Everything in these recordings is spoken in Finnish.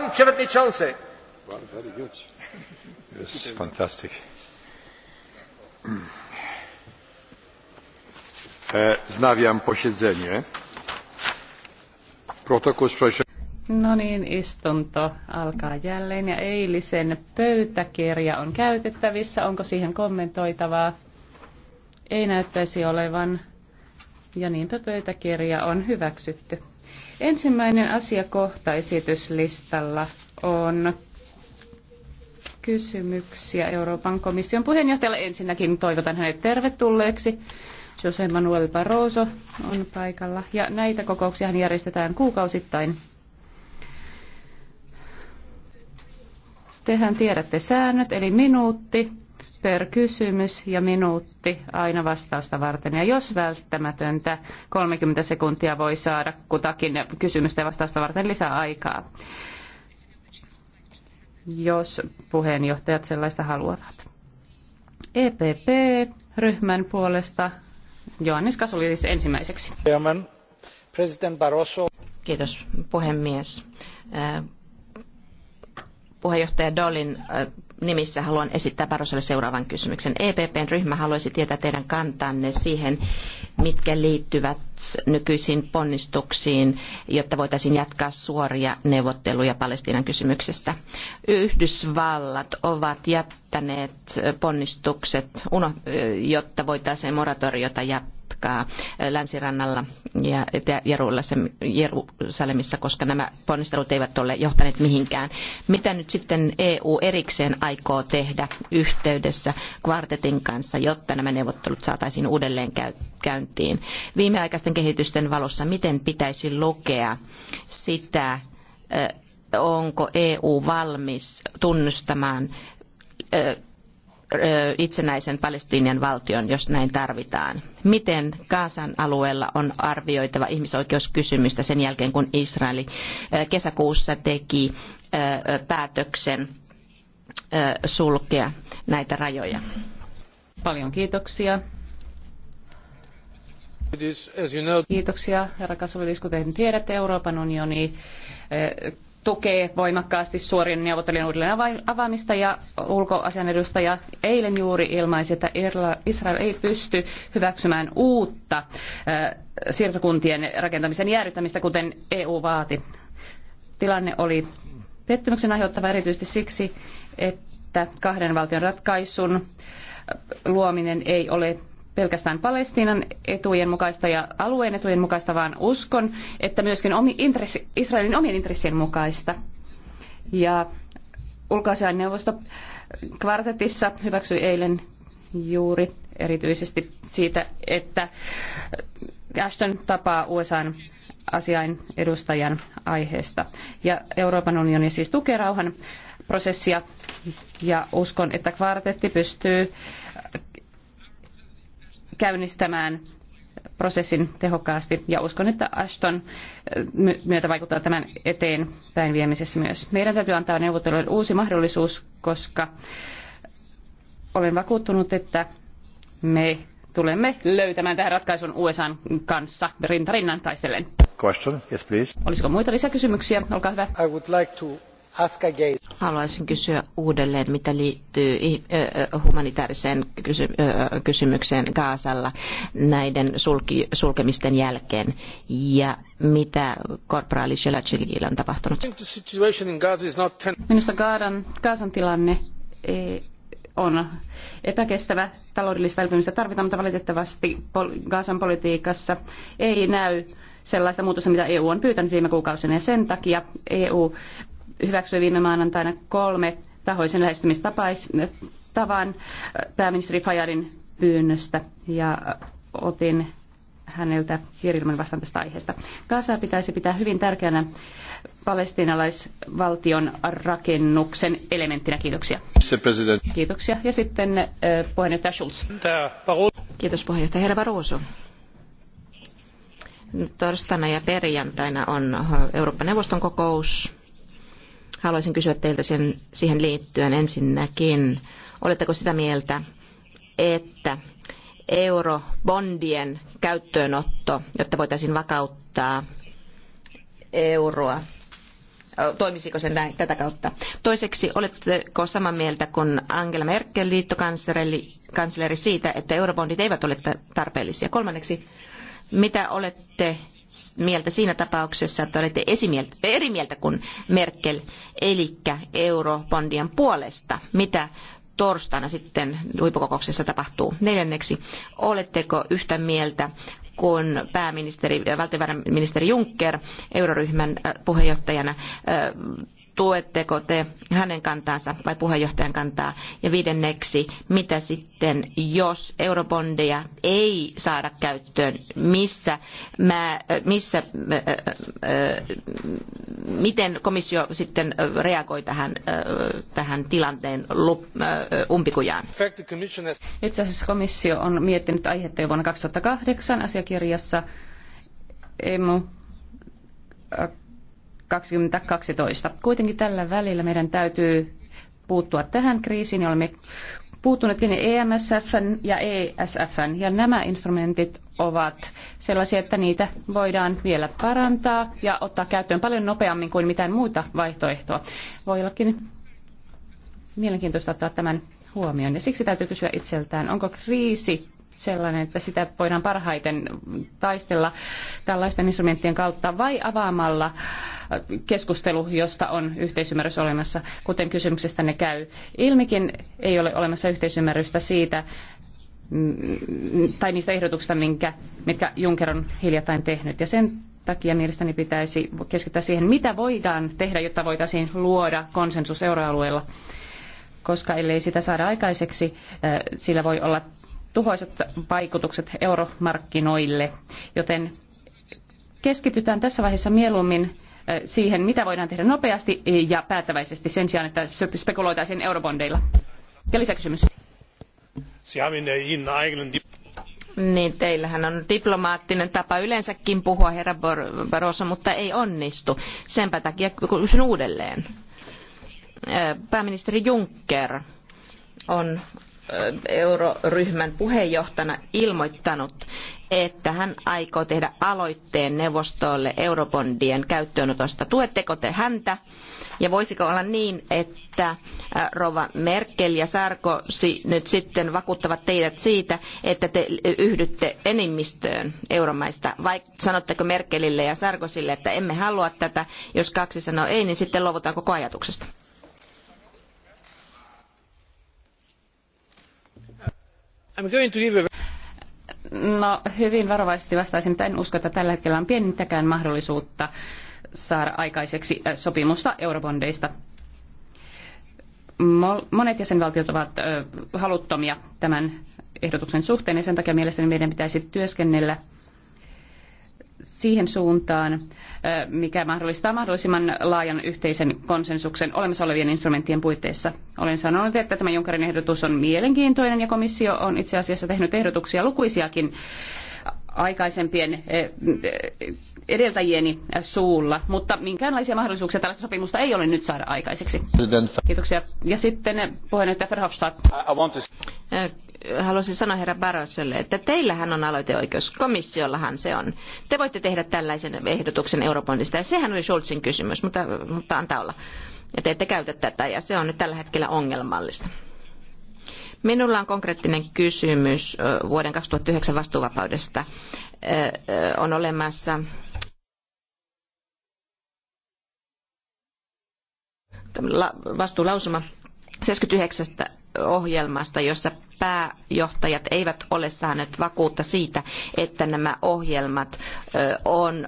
Pan przewodniczący. Yes, e, Znawiam posiedzenie. Protokół No niin, istunto alkaa jälleen ja eilisen pöytäkirja on käytettävissä. Onko siihen kommentoitavaa? Ei näyttäisi olevan. Ja niinpä pöytäkirja on hyväksytty. Ensimmäinen asiakohta esityslistalla on kysymyksiä Euroopan komission puheenjohtajalle. Ensinnäkin toivotan hänet tervetulleeksi. Jose Manuel Barroso on paikalla ja näitä kokouksia järjestetään kuukausittain. Tehän tiedätte säännöt, eli minuutti per kysymys ja minuutti aina vastausta varten. Ja jos välttämätöntä, 30 sekuntia voi saada kutakin kysymystä ja vastausta varten lisää aikaa, jos puheenjohtajat sellaista haluavat. EPP-ryhmän puolesta Johannes Kasuliris ensimmäiseksi. President Barroso. Kiitos puhemies. Äh, puheenjohtaja Dolin äh, nimissä haluan esittää Barrosolle seuraavan kysymyksen. EPPn ryhmä haluaisi tietää teidän kantanne siihen, mitkä liittyvät nykyisiin ponnistuksiin, jotta voitaisiin jatkaa suoria neuvotteluja Palestiinan kysymyksestä. Yhdysvallat ovat jättäneet ponnistukset, jotta voitaisiin moratoriota jatkaa matkaa länsirannalla ja Jerusalemissa, koska nämä ponnistelut eivät ole johtaneet mihinkään. Mitä nyt sitten EU erikseen aikoo tehdä yhteydessä kvartetin kanssa, jotta nämä neuvottelut saataisiin uudelleen käyntiin? Viimeaikaisten kehitysten valossa, miten pitäisi lukea sitä, onko EU valmis tunnustamaan itsenäisen Palestiinan valtion, jos näin tarvitaan. Miten Kaasan alueella on arvioitava ihmisoikeuskysymystä sen jälkeen, kun Israel kesäkuussa teki päätöksen sulkea näitä rajoja? Paljon kiitoksia. Kiitoksia, herra Kasvavilis. Kuten tiedätte, Euroopan unioni tukee voimakkaasti suorien neuvottelujen uudelleen avaamista ja ulkoasian edustaja eilen juuri ilmaisi, että Israel ei pysty hyväksymään uutta äh, siirtokuntien rakentamisen jäädyttämistä, kuten EU vaati. Tilanne oli pettymyksen aiheuttava erityisesti siksi, että kahden valtion ratkaisun luominen ei ole pelkästään Palestiinan etujen mukaista ja alueen etujen mukaista, vaan uskon, että myöskin omi intressi, Israelin omien intressien mukaista. Ja ulkoasiainneuvosto kvartetissa hyväksyi eilen juuri erityisesti siitä, että Ashton tapaa USAn asiain edustajan aiheesta. Ja Euroopan unioni siis tukee rauhan prosessia ja uskon, että kvartetti pystyy käynnistämään prosessin tehokkaasti ja uskon, että Ashton myötä vaikuttaa tämän eteenpäin viemisessä myös. Meidän täytyy antaa neuvotteluille uusi mahdollisuus, koska olen vakuuttunut, että me tulemme löytämään tähän ratkaisun USAn kanssa rintarinnan taistellen. Question. Yes, please. Olisiko muita lisäkysymyksiä? Olkaa hyvä. I would like to Haluaisin kysyä uudelleen, mitä liittyy humanitaariseen kysymykseen Gaasalla näiden sulkemisten jälkeen ja mitä korporaali Shelachilgillä on tapahtunut. Minusta Gaadan, Gaasan tilanne e, on epäkestävä. Taloudellista elpymistä tarvitaan, mutta valitettavasti Gaasan politiikassa ei näy sellaista muutosta, mitä EU on pyytänyt viime kuukausina. Ja sen takia EU hyväksyi viime maanantaina kolme tahoisen lähestymistavan äh, pääministeri Fajadin pyynnöstä ja äh, otin häneltä kirjelmän vastaan tästä aiheesta. Gaza pitäisi pitää hyvin tärkeänä palestiinalaisvaltion rakennuksen elementtinä. Kiitoksia. Kiitoksia. Ja sitten äh, puheenjohtaja Schulz. Kiitos puheenjohtaja Herra Barroso. Torstaina ja perjantaina on Euroopan neuvoston kokous Haluaisin kysyä teiltä sen, siihen liittyen ensinnäkin. Oletteko sitä mieltä, että eurobondien käyttöönotto, jotta voitaisiin vakauttaa euroa, toimisiko se näin tätä kautta? Toiseksi, oletteko samaa mieltä kuin Angela Merkel, liittokansleri, siitä, että eurobondit eivät ole tarpeellisia? Kolmanneksi, mitä olette mieltä siinä tapauksessa, että olette esimieltä, eri mieltä kuin Merkel, eli eurobondien puolesta. Mitä torstaina sitten huippukokouksessa tapahtuu? Neljänneksi, oletteko yhtä mieltä kun pääministeri, valtiovarainministeri Juncker euroryhmän äh, puheenjohtajana äh, tuetteko te hänen kantaansa vai puheenjohtajan kantaa? Ja viidenneksi, mitä sitten, jos eurobondeja ei saada käyttöön, missä, mä, missä miten komissio sitten reagoi tähän, tähän tilanteen umpikujaan? Itse asiassa komissio on miettinyt aihetta jo vuonna 2008 asiakirjassa. Emu 2012. Kuitenkin tällä välillä meidän täytyy puuttua tähän kriisiin ja olemme puuttuneetkin niin EMSF ja ESF. Ja nämä instrumentit ovat sellaisia, että niitä voidaan vielä parantaa ja ottaa käyttöön paljon nopeammin kuin mitään muuta vaihtoehtoa. Voi ollakin mielenkiintoista ottaa tämän huomioon. Ja siksi täytyy kysyä itseltään, onko kriisi sellainen, että sitä voidaan parhaiten taistella tällaisten instrumenttien kautta vai avaamalla keskustelu, josta on yhteisymmärrys olemassa, kuten kysymyksestä ne käy. Ilmikin ei ole olemassa yhteisymmärrystä siitä, mm, tai niistä ehdotuksista, minkä, mitkä Juncker on hiljattain tehnyt. Ja sen takia mielestäni pitäisi keskittää siihen, mitä voidaan tehdä, jotta voitaisiin luoda konsensus euroalueella. Koska ellei sitä saada aikaiseksi, äh, sillä voi olla tuhoiset vaikutukset euromarkkinoille. Joten keskitytään tässä vaiheessa mieluummin siihen, mitä voidaan tehdä nopeasti ja päättäväisesti sen sijaan, että spekuloitaisiin eurobondeilla. Ja lisäkysymys. Niin, teillähän on diplomaattinen tapa yleensäkin puhua, herra Barroso, mutta ei onnistu. Senpä takia kysyn uudelleen. Pääministeri Juncker on euroryhmän puheenjohtajana ilmoittanut, että hän aikoo tehdä aloitteen neuvostolle eurobondien käyttöönotosta. Tuetteko te häntä? Ja voisiko olla niin, että Rova Merkel ja Sarkozy nyt sitten vakuuttavat teidät siitä, että te yhdytte enimmistöön euromaista? Vai sanotteko Merkelille ja Sarkozylle, että emme halua tätä, jos kaksi sanoo ei, niin sitten luovutaan koko ajatuksesta? No hyvin varovaisesti vastaisin, että en usko, että tällä hetkellä on pienintäkään mahdollisuutta saada aikaiseksi äh, sopimusta eurobondeista. Monet jäsenvaltiot ovat äh, haluttomia tämän ehdotuksen suhteen ja sen takia mielestäni meidän pitäisi työskennellä siihen suuntaan, mikä mahdollistaa mahdollisimman laajan yhteisen konsensuksen olemassa olevien instrumenttien puitteissa. Olen sanonut, että tämä Junckerin ehdotus on mielenkiintoinen ja komissio on itse asiassa tehnyt ehdotuksia lukuisiakin aikaisempien edeltäjieni suulla, mutta minkäänlaisia mahdollisuuksia tällaista sopimusta ei ole nyt saada aikaiseksi. Kiitoksia. Ja sitten puheenjohtaja Verhofstadt haluaisin sanoa herra Barroselle, että teillähän on aloiteoikeus, komissiollahan se on. Te voitte tehdä tällaisen ehdotuksen Eurobondista, ja sehän oli Scholzin kysymys, mutta, mutta antaa olla. Ja te ette käytä tätä, ja se on nyt tällä hetkellä ongelmallista. Minulla on konkreettinen kysymys vuoden 2009 vastuuvapaudesta. On olemassa vastuulausuma 79 ohjelmasta, jossa pääjohtajat eivät ole saaneet vakuutta siitä, että nämä ohjelmat on,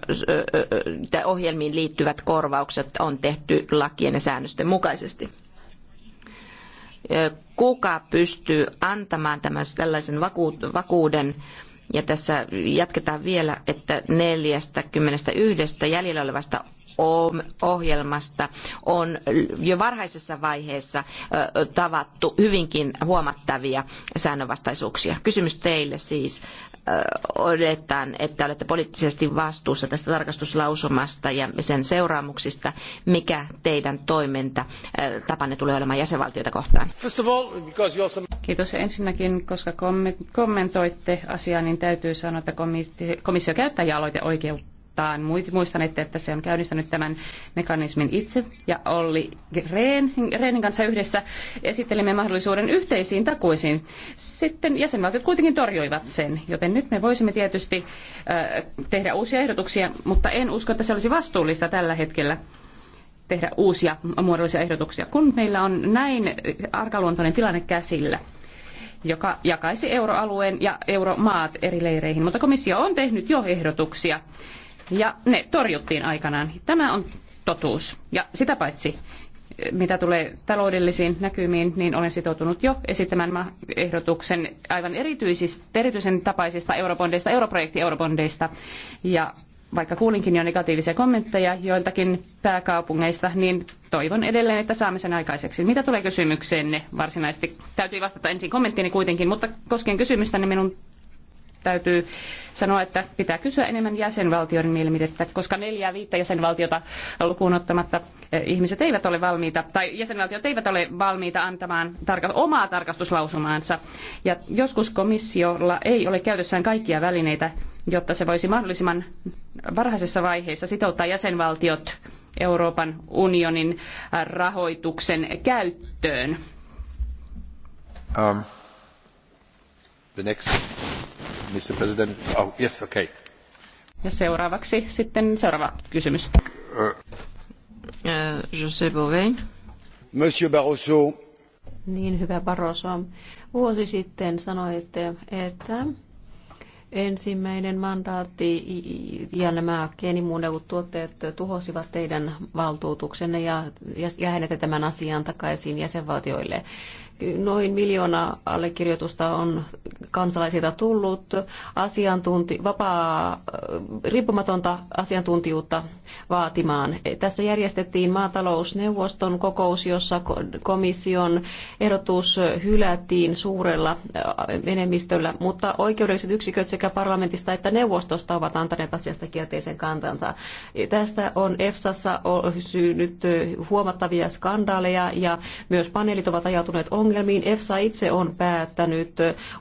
ohjelmiin liittyvät korvaukset on tehty lakien ja säännösten mukaisesti kuka pystyy antamaan tämän, tällaisen vakuuden. Ja tässä jatketaan vielä, että 41 jäljellä olevasta ohjelmasta on jo varhaisessa vaiheessa tavattu hyvinkin huomattavia säännönvastaisuuksia. Kysymys teille siis oletan, että olette poliittisesti vastuussa tästä tarkastuslausumasta ja sen seuraamuksista. Mikä teidän toiminta tapanne tulee olemaan jäsenvaltioita kohtaan? Kiitos ensinnäkin, koska kommentoitte asiaa, niin täytyy sanoa, että komissio käyttää ja aloiteoikeutta kohtaan. Muistanette, että se on käynnistänyt tämän mekanismin itse ja Olli Rehn, Rehnin kanssa yhdessä esittelimme mahdollisuuden yhteisiin takuisiin. Sitten jäsenvaltiot kuitenkin torjuivat sen, joten nyt me voisimme tietysti tehdä uusia ehdotuksia, mutta en usko, että se olisi vastuullista tällä hetkellä tehdä uusia muodollisia ehdotuksia, kun meillä on näin arkaluontoinen tilanne käsillä joka jakaisi euroalueen ja euromaat eri leireihin. Mutta komissio on tehnyt jo ehdotuksia ja ne torjuttiin aikanaan. Tämä on totuus. Ja sitä paitsi, mitä tulee taloudellisiin näkymiin, niin olen sitoutunut jo esittämään ehdotuksen aivan erityisen tapaisista eurobondeista, europrojekti eurobondeista. Ja vaikka kuulinkin jo negatiivisia kommentteja joiltakin pääkaupungeista, niin toivon edelleen, että saamme sen aikaiseksi. Mitä tulee kysymykseenne varsinaisesti? Täytyy vastata ensin kommenttiini kuitenkin, mutta koskien kysymystä, niin minun täytyy sanoa, että pitää kysyä enemmän jäsenvaltioiden mielipidettä, koska neljää viittä jäsenvaltiota lukuun ottamatta eh, ihmiset eivät ole valmiita, tai jäsenvaltiot eivät ole valmiita antamaan tarka- omaa tarkastuslausumaansa. Ja joskus komissiolla ei ole käytössään kaikkia välineitä, jotta se voisi mahdollisimman varhaisessa vaiheessa sitouttaa jäsenvaltiot Euroopan unionin eh, rahoituksen käyttöön. Um, the next Mr. President. Oh, yes, okay. Ja seuraavaksi sitten seuraava kysymys. Äh, José Bové. Monsieur Barroso. Niin, hyvä Barroso. Vuosi sitten sanoitte, että ensimmäinen mandaatti ja nämä geenimuunnellut tuotteet tuhosivat teidän valtuutuksenne ja, ja, ja tämän asian takaisin jäsenvaltioille noin miljoona allekirjoitusta on kansalaisilta tullut asiantunti, vapaa, riippumatonta asiantuntijuutta vaatimaan. Tässä järjestettiin maatalousneuvoston kokous, jossa komission ehdotus hylättiin suurella enemmistöllä, mutta oikeudelliset yksiköt sekä parlamentista että neuvostosta ovat antaneet asiasta kielteisen kantansa. Tästä on EFSassa syynyt huomattavia skandaaleja ja myös paneelit ovat ajautuneet ongelmiin ongelmiin EFSA itse on päättänyt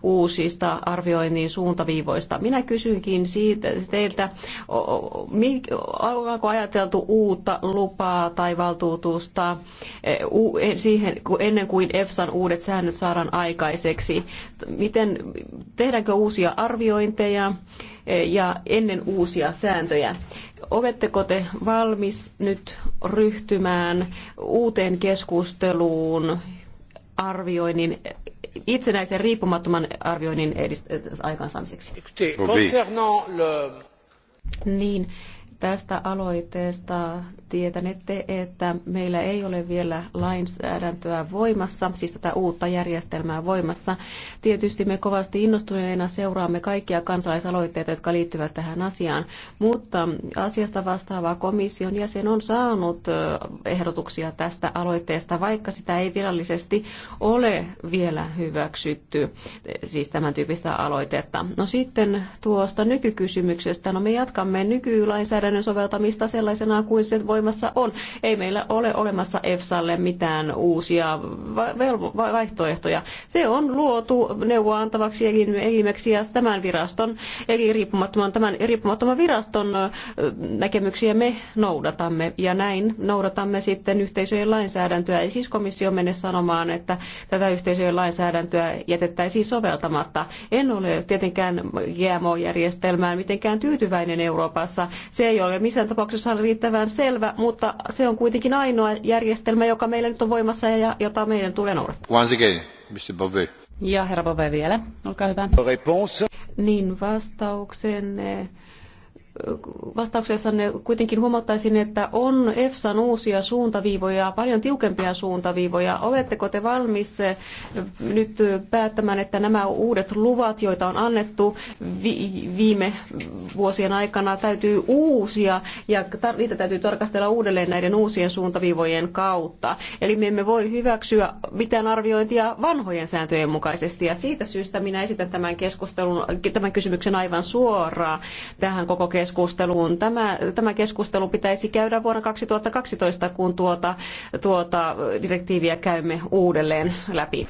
uusista arvioinnin suuntaviivoista. Minä kysynkin siitä teiltä, onko ajateltu uutta lupaa tai valtuutusta e, e, siihen, ennen kuin EFSAn uudet säännöt saadaan aikaiseksi? Miten, tehdäänkö uusia arviointeja e, ja ennen uusia sääntöjä? Oletteko te valmis nyt ryhtymään uuteen keskusteluun arvioinnin, itsenäisen riippumattoman arvioinnin edist- aikaansaamiseksi. Niin, tästä aloitteesta. Tietänette, että meillä ei ole vielä lainsäädäntöä voimassa, siis tätä uutta järjestelmää voimassa. Tietysti me kovasti innostuneena seuraamme kaikkia kansalaisaloitteita, jotka liittyvät tähän asiaan, mutta asiasta vastaava komission jäsen on saanut ehdotuksia tästä aloitteesta, vaikka sitä ei virallisesti ole vielä hyväksytty, siis tämän tyyppistä aloitetta. No sitten tuosta nykykysymyksestä, no me jatkamme nykylainsäädäntöä lainsäädännön soveltamista sellaisena kuin se voimassa on. Ei meillä ole olemassa EFSAlle mitään uusia vaihtoehtoja. Se on luotu neuvoa antavaksi elimeksi ja tämän viraston, eli riippumattoman, tämän riippumattoman viraston näkemyksiä me noudatamme ja näin noudatamme sitten yhteisöjen lainsäädäntöä. Ei siis komissio mene sanomaan, että tätä yhteisöjen lainsäädäntöä jätettäisiin soveltamatta. En ole tietenkään GMO-järjestelmään mitenkään tyytyväinen Euroopassa. Se ei ei ole missään tapauksessa riittävän selvä, mutta se on kuitenkin ainoa järjestelmä, joka meillä nyt on voimassa ja jota meidän tulee noudattaa. Once again, Mr. Bove. Ja herra Bove vielä, olkaa hyvä. Niin vastauksen vastauksessanne kuitenkin huomauttaisin, että on EFSAn uusia suuntaviivoja, paljon tiukempia suuntaviivoja. Oletteko te valmis eh, nyt päättämään, että nämä uudet luvat, joita on annettu viime vuosien aikana, täytyy uusia ja niitä täytyy tarkastella uudelleen näiden uusien suuntaviivojen kautta. Eli me emme voi hyväksyä mitään arviointia vanhojen sääntöjen mukaisesti ja siitä syystä minä esitän tämän keskustelun, tämän kysymyksen aivan suoraan tähän koko keskusteluun keskusteluun. Tämä, tämä keskustelu pitäisi käydä vuonna 2012, kun tuota, tuota direktiiviä käymme uudelleen läpi.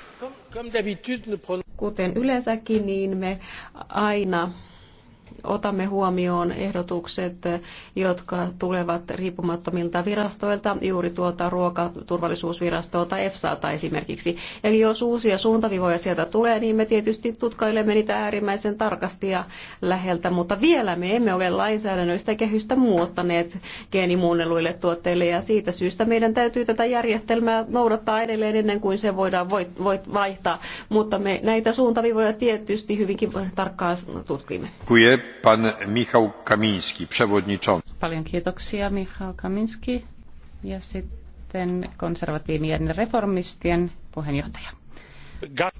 Kuten yleensäkin, niin me aina otamme huomioon ehdotukset, jotka tulevat riippumattomilta virastoilta, juuri tuolta ruokaturvallisuusvirastolta EFSAta esimerkiksi. Eli jos uusia suuntavivoja sieltä tulee, niin me tietysti tutkailemme niitä äärimmäisen tarkasti ja läheltä, mutta vielä me emme ole lainsäädännöllistä kehystä muuttaneet geenimuunneluille tuotteille ja siitä syystä meidän täytyy tätä järjestelmää noudattaa edelleen ennen kuin se voidaan voit, voit vaihtaa, mutta me näitä suuntavivoja tietysti hyvinkin tarkkaan tutkimme. Kuie pan Michał Kamiński, przewodniczący. Paljon kiitoksia Michał Kaminski ja sitten konservatiivien reformistien puheenjohtaja.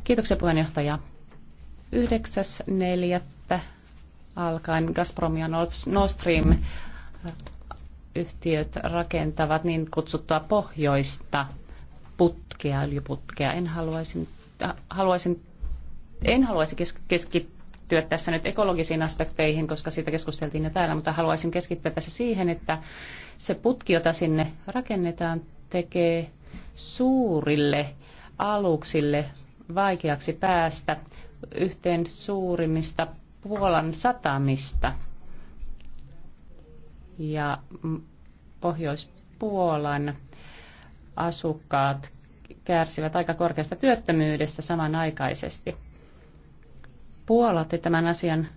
Kiitoksia puheenjohtaja. 9.4. alkaen Gazprom ja Nord Stream yhtiöt rakentavat niin kutsuttua pohjoista putkea, öljyputkea. En haluaisin, äh, haluaisin en haluaisi keskittyä keskittyä tässä nyt ekologisiin aspekteihin, koska siitä keskusteltiin jo täällä, mutta haluaisin keskittyä tässä siihen, että se putki, jota sinne rakennetaan, tekee suurille aluksille vaikeaksi päästä yhteen suurimmista Puolan satamista. Ja Pohjois-Puolan asukkaat kärsivät aika korkeasta työttömyydestä samanaikaisesti otti tämän asian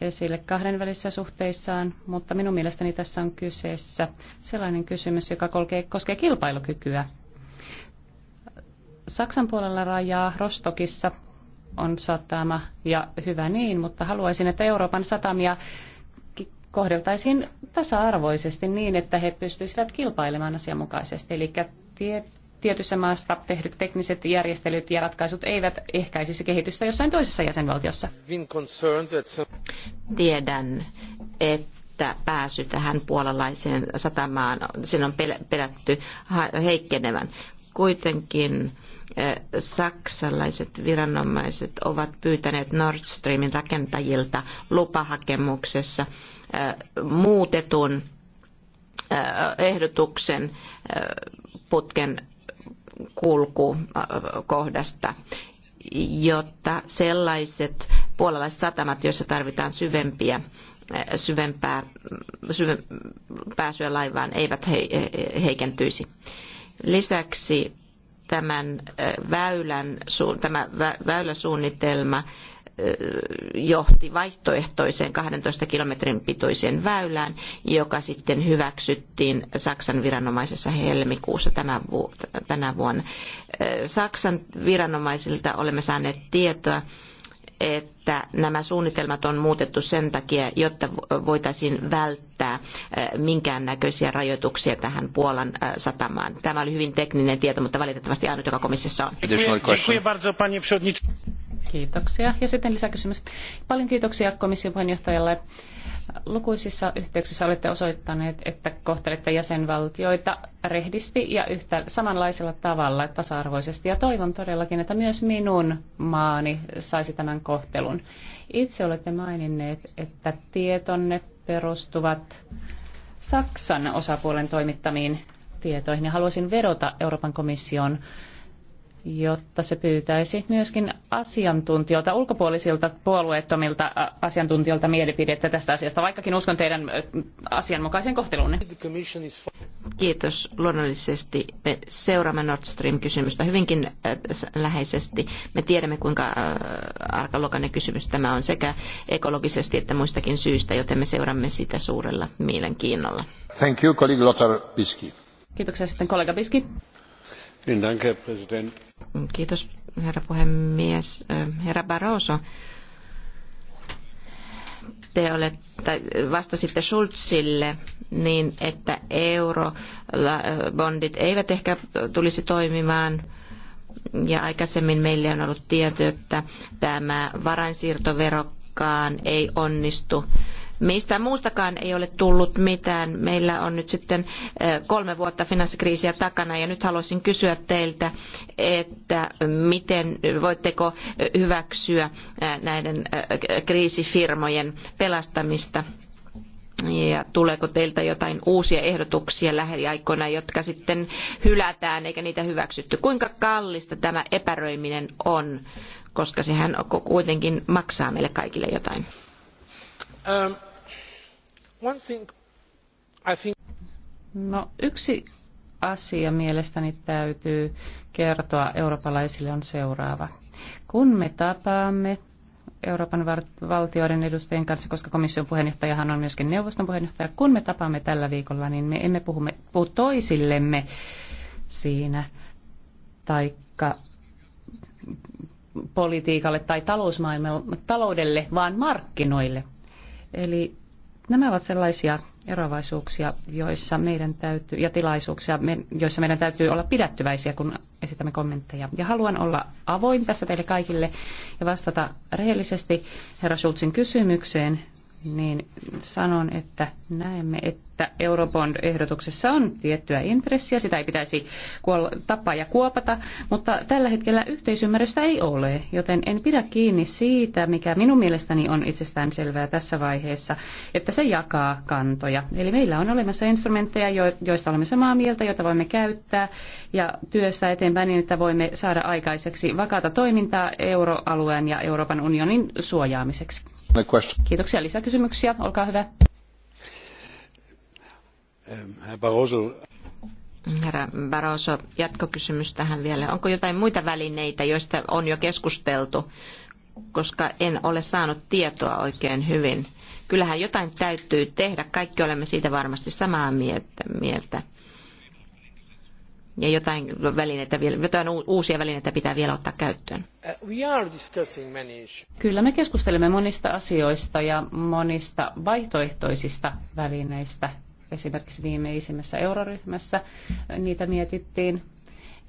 esille kahdenvälisissä suhteissaan, mutta minun mielestäni tässä on kyseessä sellainen kysymys, joka kolkee, koskee kilpailukykyä. Saksan puolella rajaa Rostokissa on satama ja hyvä niin, mutta haluaisin, että Euroopan satamia kohdeltaisiin tasa-arvoisesti niin, että he pystyisivät kilpailemaan asianmukaisesti. Eli tietyssä maassa tehdyt tekniset järjestelyt ja ratkaisut eivät ehkäisisi kehitystä jossain toisessa jäsenvaltiossa. Tiedän, että pääsy tähän puolalaiseen satamaan, sen on pelätty heikkenevän. Kuitenkin eh, saksalaiset viranomaiset ovat pyytäneet Nord Streamin rakentajilta lupahakemuksessa eh, muutetun eh, ehdotuksen putken kulkukohdasta, äh, jotta sellaiset puolalaiset satamat, joissa tarvitaan syvempiä äh, syvempää, mm, syve, pääsyä laivaan eivät he, heikentyisi. Lisäksi tämän äh, väylän, tämä väyläsuunnitelma johti vaihtoehtoiseen 12 kilometrin pituiseen väylään, joka sitten hyväksyttiin Saksan viranomaisessa helmikuussa tänä vuonna. Saksan viranomaisilta olemme saaneet tietoa, että nämä suunnitelmat on muutettu sen takia, jotta voitaisiin välttää minkäännäköisiä rajoituksia tähän Puolan satamaan. Tämä oli hyvin tekninen tieto, mutta valitettavasti ainut, joka komissiossa on. Kiitoksia. Ja sitten lisäkysymys. Paljon kiitoksia komission puheenjohtajalle. Lukuisissa yhteyksissä olette osoittaneet, että kohtelette jäsenvaltioita rehdisti ja yhtä samanlaisella tavalla tasa-arvoisesti. Ja toivon todellakin, että myös minun maani saisi tämän kohtelun. Itse olette maininneet, että tietonne perustuvat Saksan osapuolen toimittamiin tietoihin. Ja haluaisin vedota Euroopan komission jotta se pyytäisi myöskin asiantuntijoilta, ulkopuolisilta puolueettomilta asiantuntijoilta mielipidettä tästä asiasta, vaikkakin uskon teidän asianmukaisen kohtelunne. Kiitos. Luonnollisesti me seuraamme Nord Stream-kysymystä hyvinkin läheisesti. Me tiedämme, kuinka arkaluokainen kysymys tämä on sekä ekologisesti että muistakin syistä, joten me seuraamme sitä suurella mielenkiinnolla. Thank you, colleague Lothar Biski. Kiitoksia sitten kollega Biski. Kiitos, herra puhemies. Herra Barroso, te olette, vastasitte Schulzille niin, että eurobondit eivät ehkä tulisi toimimaan ja aikaisemmin meille on ollut tieto, että tämä varainsiirtoverokaan ei onnistu Mistä muustakaan ei ole tullut mitään. Meillä on nyt sitten kolme vuotta finanssikriisiä takana ja nyt haluaisin kysyä teiltä, että miten voitteko hyväksyä näiden kriisifirmojen pelastamista ja tuleeko teiltä jotain uusia ehdotuksia lähiaikoina, jotka sitten hylätään eikä niitä hyväksytty? Kuinka kallista tämä epäröiminen on, koska sehän kuitenkin maksaa meille kaikille jotain? Um. No, yksi asia mielestäni täytyy kertoa eurooppalaisille on seuraava. Kun me tapaamme Euroopan valtioiden edustajien kanssa, koska komission puheenjohtajahan on myöskin neuvoston puheenjohtaja, kun me tapaamme tällä viikolla, niin me emme puhu, me, puhu toisillemme siinä, taikka politiikalle tai talousmaailmalle, taloudelle, vaan markkinoille. Eli Nämä ovat sellaisia eroavaisuuksia joissa meidän täytyy, ja tilaisuuksia, joissa meidän täytyy olla pidättyväisiä, kun esitämme kommentteja. Ja haluan olla avoin tässä teille kaikille ja vastata rehellisesti herra Schulzin kysymykseen niin sanon, että näemme, että Eurobond-ehdotuksessa on tiettyä intressiä, sitä ei pitäisi kuolla tapaa ja kuopata, mutta tällä hetkellä yhteisymmärrystä ei ole, joten en pidä kiinni siitä, mikä minun mielestäni on itsestään selvää tässä vaiheessa, että se jakaa kantoja. Eli meillä on olemassa instrumentteja, joista olemme samaa mieltä, joita voimme käyttää ja työstä eteenpäin niin, että voimme saada aikaiseksi vakaata toimintaa euroalueen ja Euroopan unionin suojaamiseksi. Kiitoksia. Lisäkysymyksiä. Olkaa hyvä. Barroso. Herra Barroso, jatkokysymys tähän vielä. Onko jotain muita välineitä, joista on jo keskusteltu? Koska en ole saanut tietoa oikein hyvin. Kyllähän jotain täytyy tehdä. Kaikki olemme siitä varmasti samaa mieltä ja jotain, välineitä, jotain uusia välineitä pitää vielä ottaa käyttöön. Uh, Kyllä me keskustelemme monista asioista ja monista vaihtoehtoisista välineistä. Esimerkiksi viimeisimmässä euroryhmässä niitä mietittiin.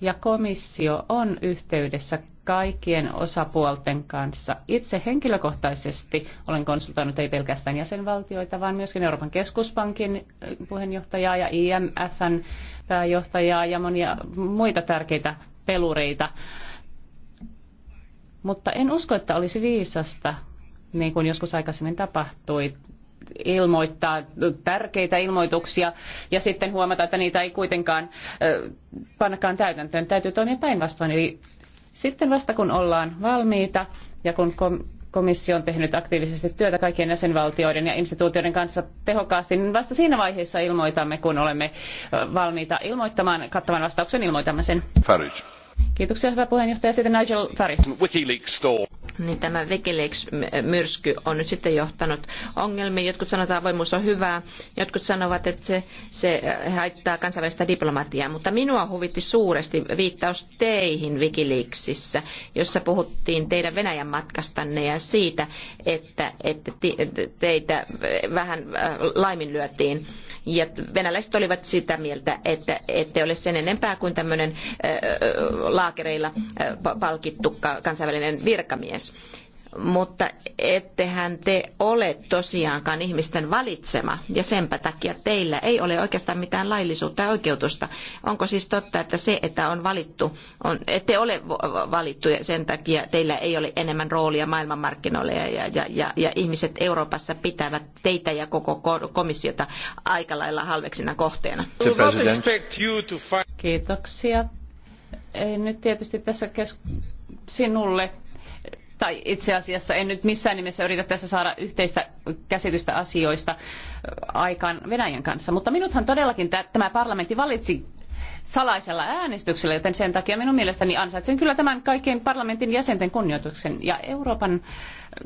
Ja komissio on yhteydessä kaikkien osapuolten kanssa. Itse henkilökohtaisesti olen konsultoinut ei pelkästään jäsenvaltioita, vaan myöskin Euroopan keskuspankin puheenjohtajaa ja IMFn pääjohtajaa ja monia muita tärkeitä pelureita. Mutta en usko, että olisi viisasta, niin kuin joskus aikaisemmin tapahtui, ilmoittaa tärkeitä ilmoituksia ja sitten huomata, että niitä ei kuitenkaan ö, pannakaan täytäntöön. Täytyy toimia päinvastoin, eli sitten vasta kun ollaan valmiita ja kun komissio on tehnyt aktiivisesti työtä kaikkien jäsenvaltioiden ja instituutioiden kanssa tehokkaasti, niin vasta siinä vaiheessa ilmoitamme, kun olemme valmiita ilmoittamaan kattavan vastauksen, ilmoitamme sen. Farage. Kiitoksia, hyvä puheenjohtaja. Sitten Nigel Farage. Wikileaks store niin tämä Wikileaks-myrsky on nyt sitten johtanut ongelmiin. Jotkut sanovat, että avoimuus on hyvää, jotkut sanovat, että se, se haittaa kansainvälistä diplomatiaa, mutta minua huvitti suuresti viittaus teihin Wikileaksissa, jossa puhuttiin teidän Venäjän matkastanne ja siitä, että, että teitä vähän äh, laiminlyötiin. Ja venäläiset olivat sitä mieltä, että ette ole sen enempää kuin tämmöinen äh, äh, laakereilla palkittu kansainvälinen virkamies puhemies. Mutta ettehän te ole tosiaankaan ihmisten valitsema, ja senpä takia teillä ei ole oikeastaan mitään laillisuutta ja oikeutusta. Onko siis totta, että se, että on valittu, on, ette ole valittu, ja sen takia teillä ei ole enemmän roolia maailmanmarkkinoilla, ja, ja, ja, ja ihmiset Euroopassa pitävät teitä ja koko komissiota aika lailla halveksina kohteena? Kiitoksia. Ei nyt tietysti tässä kesk sinulle tai itse asiassa en nyt missään nimessä yritä tässä saada yhteistä käsitystä asioista aikaan Venäjän kanssa, mutta minuthan todellakin tämä parlamentti valitsi salaisella äänestyksellä, joten sen takia minun mielestäni ansaitsen kyllä tämän kaikkien parlamentin jäsenten kunnioituksen. Ja Euroopan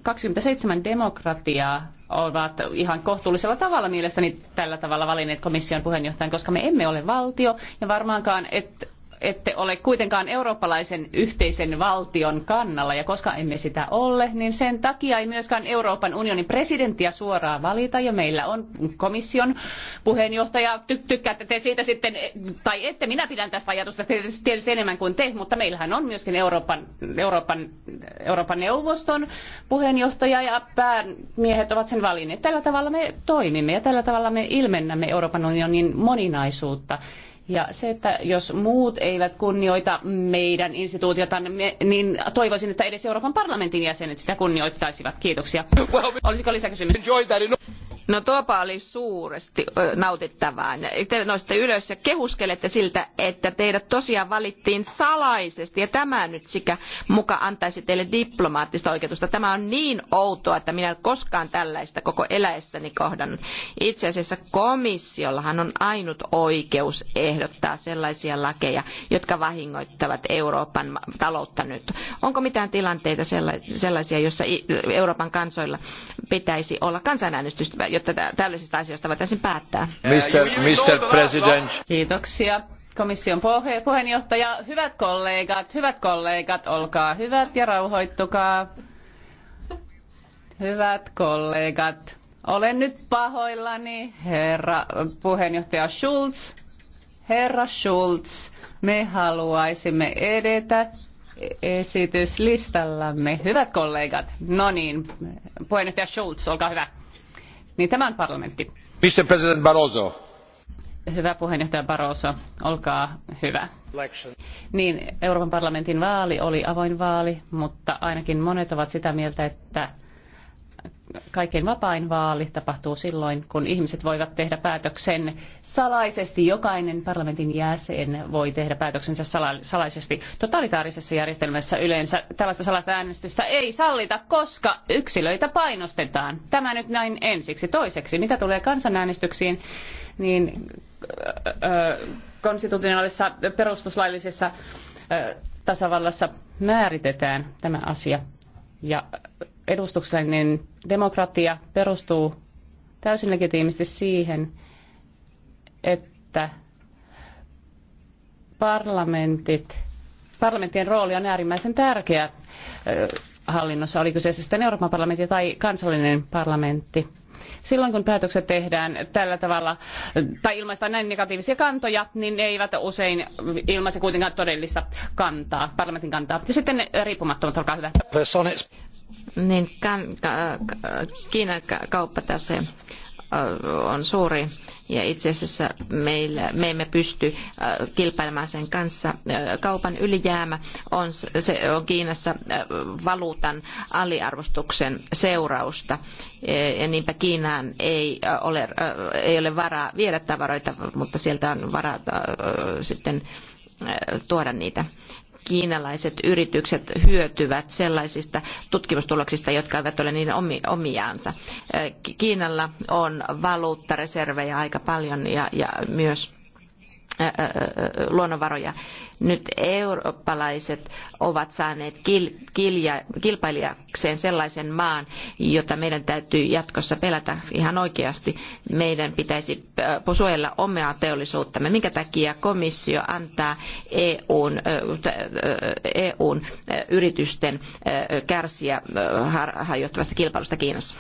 27 demokratiaa ovat ihan kohtuullisella tavalla mielestäni tällä tavalla valinneet komission puheenjohtajan, koska me emme ole valtio ja varmaankaan et ette ole kuitenkaan eurooppalaisen yhteisen valtion kannalla, ja koska emme sitä ole, niin sen takia ei myöskään Euroopan unionin presidenttiä suoraan valita, ja meillä on komission puheenjohtaja, ty- tykkäätte te siitä sitten, tai ette, minä pidän tästä ajatusta tietysti enemmän kuin te, mutta meillähän on myöskin Euroopan, Euroopan, Euroopan neuvoston puheenjohtaja, ja päämiehet ovat sen valinneet. Tällä tavalla me toimimme, ja tällä tavalla me ilmennämme Euroopan unionin moninaisuutta ja se, että jos muut eivät kunnioita meidän instituutiotamme, niin toivoisin, että edes Euroopan parlamentin jäsenet sitä kunnioittaisivat. Kiitoksia. Olisiko lisäkysymys? No tuopa oli suuresti nautittavaa. Te nostitte ylös ja kehuskelette siltä, että teidät tosiaan valittiin salaisesti ja tämä nyt sikä muka antaisi teille diplomaattista oikeutusta. Tämä on niin outoa, että minä en koskaan tällaista koko eläessäni kohdannut. Itse asiassa komissiollahan on ainut oikeus ehdottaa sellaisia lakeja, jotka vahingoittavat Euroopan taloutta nyt. Onko mitään tilanteita sellaisia, joissa Euroopan kansoilla pitäisi olla kansanäänestys, jotta tällaisista asioista voitaisiin päättää. Mr. Äh, Mr. President. Kiitoksia. Komission puheenjohtaja, hyvät kollegat, hyvät kollegat, olkaa hyvät ja rauhoittukaa. Hyvät kollegat, olen nyt pahoillani, herra puheenjohtaja Schulz. Herra Schulz, me haluaisimme edetä esityslistallamme. Hyvät kollegat, no niin, puheenjohtaja Schulz, olkaa hyvä niin tämän parlamentti. Mr. President Barroso. Hyvä puheenjohtaja Barroso, olkaa hyvä. Election. Niin, Euroopan parlamentin vaali oli avoin vaali, mutta ainakin monet ovat sitä mieltä, että kaikkein vapain vaali tapahtuu silloin, kun ihmiset voivat tehdä päätöksen salaisesti. Jokainen parlamentin jäsen voi tehdä päätöksensä salaisesti. Totalitaarisessa järjestelmässä yleensä tällaista salaista äänestystä ei sallita, koska yksilöitä painostetaan. Tämä nyt näin ensiksi. Toiseksi, mitä tulee kansanäänestyksiin, niin konstitutionaalisessa perustuslaillisessa tasavallassa määritetään tämä asia. Ja edustuksellinen demokratia perustuu täysin legitiimisti siihen, että parlamentit, parlamenttien rooli on äärimmäisen tärkeä hallinnossa, oli kyseessä sitten Euroopan parlamentti tai kansallinen parlamentti. Silloin kun päätökset tehdään tällä tavalla tai ilmaistaan näin negatiivisia kantoja, niin ne eivät usein ilmaise kuitenkaan todellista kantaa, parlamentin kantaa. Ja sitten riippumattomat, olkaa hyvä. Niin, kan, ka, ka, Kiinan kauppa tässä Äh, on suuri ja itse asiassa meillä, me emme pysty äh, kilpailemaan sen kanssa. Äh, kaupan ylijäämä on, se on Kiinassa valuutan aliarvostuksen seurausta ja niinpä Kiinaan ei ole, ei ole varaa viedä tavaroita, mutta sieltä on varaa sitten tuoda niitä kiinalaiset yritykset hyötyvät sellaisista tutkimustuloksista, jotka eivät ole niiden omiaansa. Kiinalla on valuuttareservejä aika paljon ja, ja myös luonnonvaroja nyt eurooppalaiset ovat saaneet kilpailijakseen sellaisen maan, jota meidän täytyy jatkossa pelätä ihan oikeasti. Meidän pitäisi äh, suojella omaa teollisuuttamme, minkä takia komissio antaa EUn, äh, äh, EUn yritysten kärsiä harjoittavasta kilpailusta Kiinassa.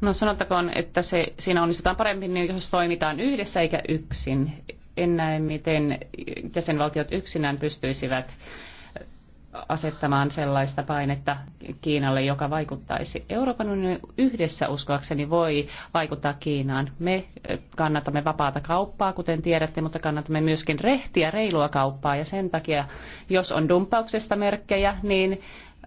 No sanottakoon, että se, siinä onnistutaan paremmin, niin jos toimitaan yhdessä eikä yksin en näe, miten jäsenvaltiot yksinään pystyisivät asettamaan sellaista painetta Kiinalle, joka vaikuttaisi. Euroopan unioni yhdessä uskoakseni voi vaikuttaa Kiinaan. Me kannatamme vapaata kauppaa, kuten tiedätte, mutta kannatamme myöskin rehtiä, reilua kauppaa. Ja sen takia, jos on dumppauksesta merkkejä, niin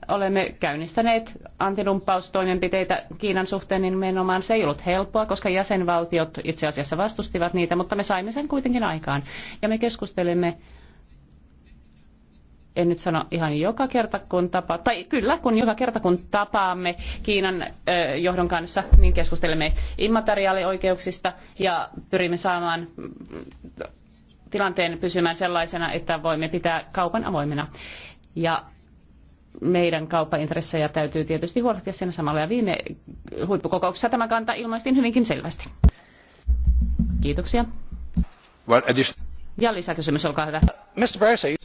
olemme käynnistäneet antidumppaustoimenpiteitä Kiinan suhteen, niin nimenomaan se ei ollut helppoa, koska jäsenvaltiot itse asiassa vastustivat niitä, mutta me saimme sen kuitenkin aikaan. Ja me keskustelimme en nyt sano ihan joka kerta kun tapa, tai kyllä kun joka kerta kun tapaamme Kiinan ö, johdon kanssa, niin keskustelemme immateriaalioikeuksista ja pyrimme saamaan tilanteen pysymään sellaisena, että voimme pitää kaupan avoimena. Ja meidän kauppaintressejä täytyy tietysti huolehtia siinä samalla. Ja viime huippukokouksessa tämä kanta ilmaistiin hyvinkin selvästi. Kiitoksia. Ja lisäkysymys, olkaa hyvä. Mr. Barsi.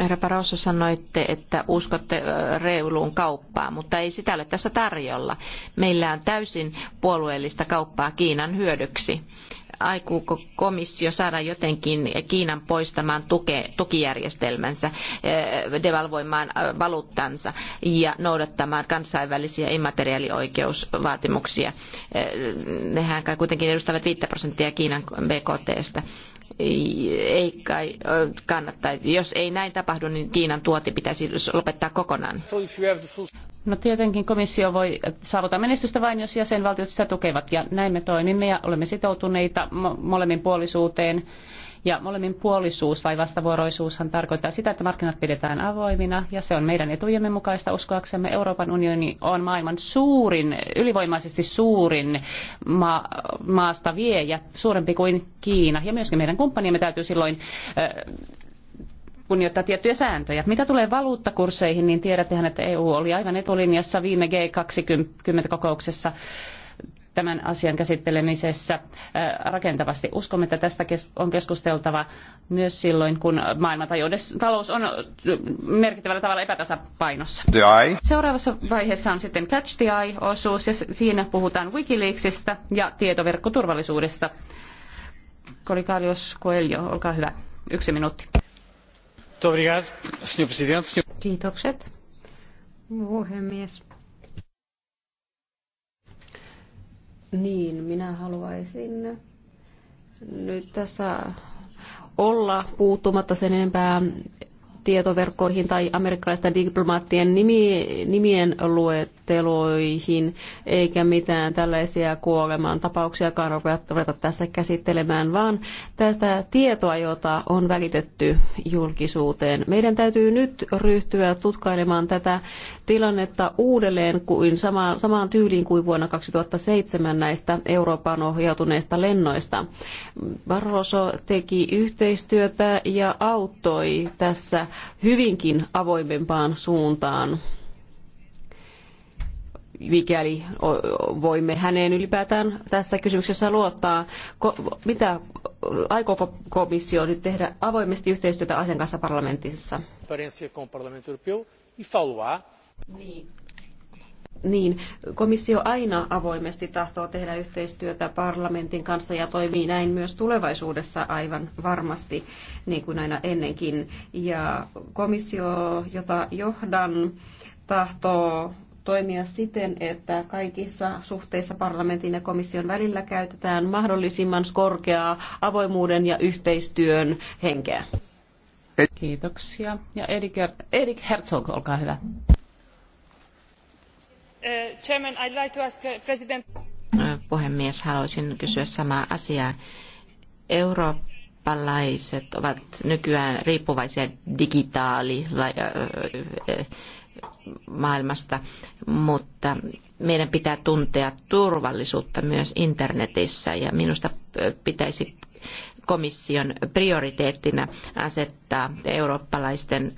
Herra Barroso, sanoitte, että uskotte reiluun kauppaan, mutta ei sitä ole tässä tarjolla. Meillä on täysin puolueellista kauppaa Kiinan hyödyksi aikuuko komissio saada jotenkin Kiinan poistamaan tuke, tukijärjestelmänsä, eh, devalvoimaan eh, valuuttansa ja noudattamaan kansainvälisiä immateriaalioikeusvaatimuksia. Eh, nehän kai kuitenkin edustavat 5 prosenttia Kiinan BKTstä ei kai kannattaa. Jos ei näin tapahdu, niin Kiinan tuoti pitäisi lopettaa kokonaan. No tietenkin komissio voi saavuttaa menestystä vain, jos jäsenvaltiot sitä tukevat. Ja näin me toimimme ja olemme sitoutuneita molemmin puolisuuteen. Ja molemmin puolisuus tai vastavuoroisuushan tarkoittaa sitä, että markkinat pidetään avoimina ja se on meidän etujemme mukaista uskoaksemme. Euroopan unioni on maailman suurin, ylivoimaisesti suurin ma- maasta viejä, suurempi kuin Kiina. Ja myöskin meidän kumppaniemme täytyy silloin äh, kunnioittaa tiettyjä sääntöjä. Mitä tulee valuuttakursseihin, niin tiedättehän, että EU oli aivan etulinjassa viime G20-kokouksessa tämän asian käsittelemisessä äh, rakentavasti. Uskomme, että tästä on keskusteltava myös silloin, kun maailmantalous on äh, merkittävällä tavalla epätasapainossa. Seuraavassa vaiheessa on sitten Catch the Eye-osuus ja siinä puhutaan Wikileaksista ja tietoverkkoturvallisuudesta. Kolikalios Coelho, olkaa hyvä. Yksi minuutti. Kiitokset, Niin, minä haluaisin nyt tässä olla puuttumatta sen enempää tietoverkkoihin tai amerikkalaisten diplomaattien nimien luet, neuvotteluihin, eikä mitään tällaisia kuoleman tapauksiakaan ruveta tässä käsittelemään, vaan tätä tietoa, jota on välitetty julkisuuteen. Meidän täytyy nyt ryhtyä tutkailemaan tätä tilannetta uudelleen kuin sama, samaan tyyliin kuin vuonna 2007 näistä Euroopan ohjautuneista lennoista. Barroso teki yhteistyötä ja auttoi tässä hyvinkin avoimempaan suuntaan mikäli voimme häneen ylipäätään tässä kysymyksessä luottaa. mitä aikooko komissio nyt tehdä avoimesti yhteistyötä asian kanssa parlamentissa? Niin. niin, komissio aina avoimesti tahtoo tehdä yhteistyötä parlamentin kanssa ja toimii näin myös tulevaisuudessa aivan varmasti, niin kuin aina ennenkin. Ja komissio, jota johdan, tahtoo toimia siten, että kaikissa suhteissa parlamentin ja komission välillä käytetään mahdollisimman korkeaa avoimuuden ja yhteistyön henkeä. Kiitoksia. Ja Erik, Erik Herzog, olkaa hyvä. Uh, chairman, I'd like to ask uh, president... Uh, puhemies, haluaisin kysyä samaa asiaa. eurooppalaiset ovat nykyään riippuvaisia digitaali maailmasta, mutta meidän pitää tuntea turvallisuutta myös internetissä ja minusta pitäisi komission prioriteettina asettaa eurooppalaisten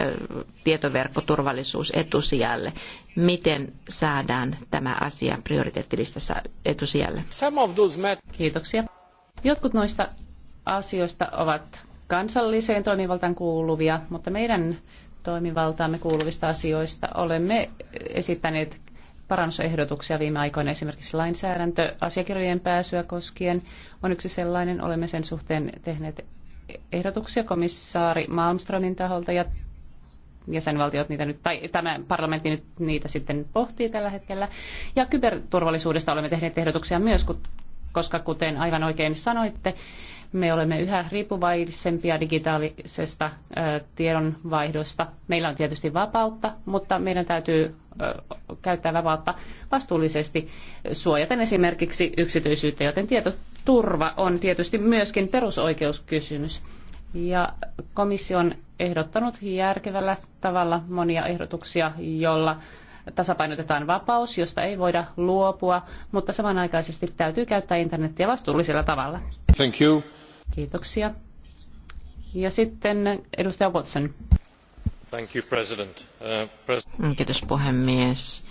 tietoverkkoturvallisuus etusijalle. Miten saadaan tämä asia prioriteettilistassa etusijalle? Kiitoksia. Jotkut noista asioista ovat kansalliseen toimivaltaan kuuluvia, mutta meidän toimivaltaamme kuuluvista asioista. Olemme esittäneet parannusehdotuksia viime aikoina esimerkiksi asiakirjojen pääsyä koskien on yksi sellainen. Olemme sen suhteen tehneet ehdotuksia komissaari Malmströmin taholta ja jäsenvaltiot niitä nyt, tai tämä parlamentti nyt niitä sitten pohtii tällä hetkellä. Ja kyberturvallisuudesta olemme tehneet ehdotuksia myös, koska kuten aivan oikein sanoitte, me olemme yhä riippuvaisempia digitaalisesta tiedonvaihdosta. Meillä on tietysti vapautta, mutta meidän täytyy käyttää vapautta vastuullisesti suojaten esimerkiksi yksityisyyttä, joten tietoturva on tietysti myöskin perusoikeuskysymys. Ja komissio on ehdottanut järkevällä tavalla monia ehdotuksia, jolla tasapainotetaan vapaus, josta ei voida luopua, mutta samanaikaisesti täytyy käyttää internetiä vastuullisella tavalla. Thank you. Kiitoksia. Ja sitten edustaja Watson. Thank you, President. Uh, pres- Kiitos puhemies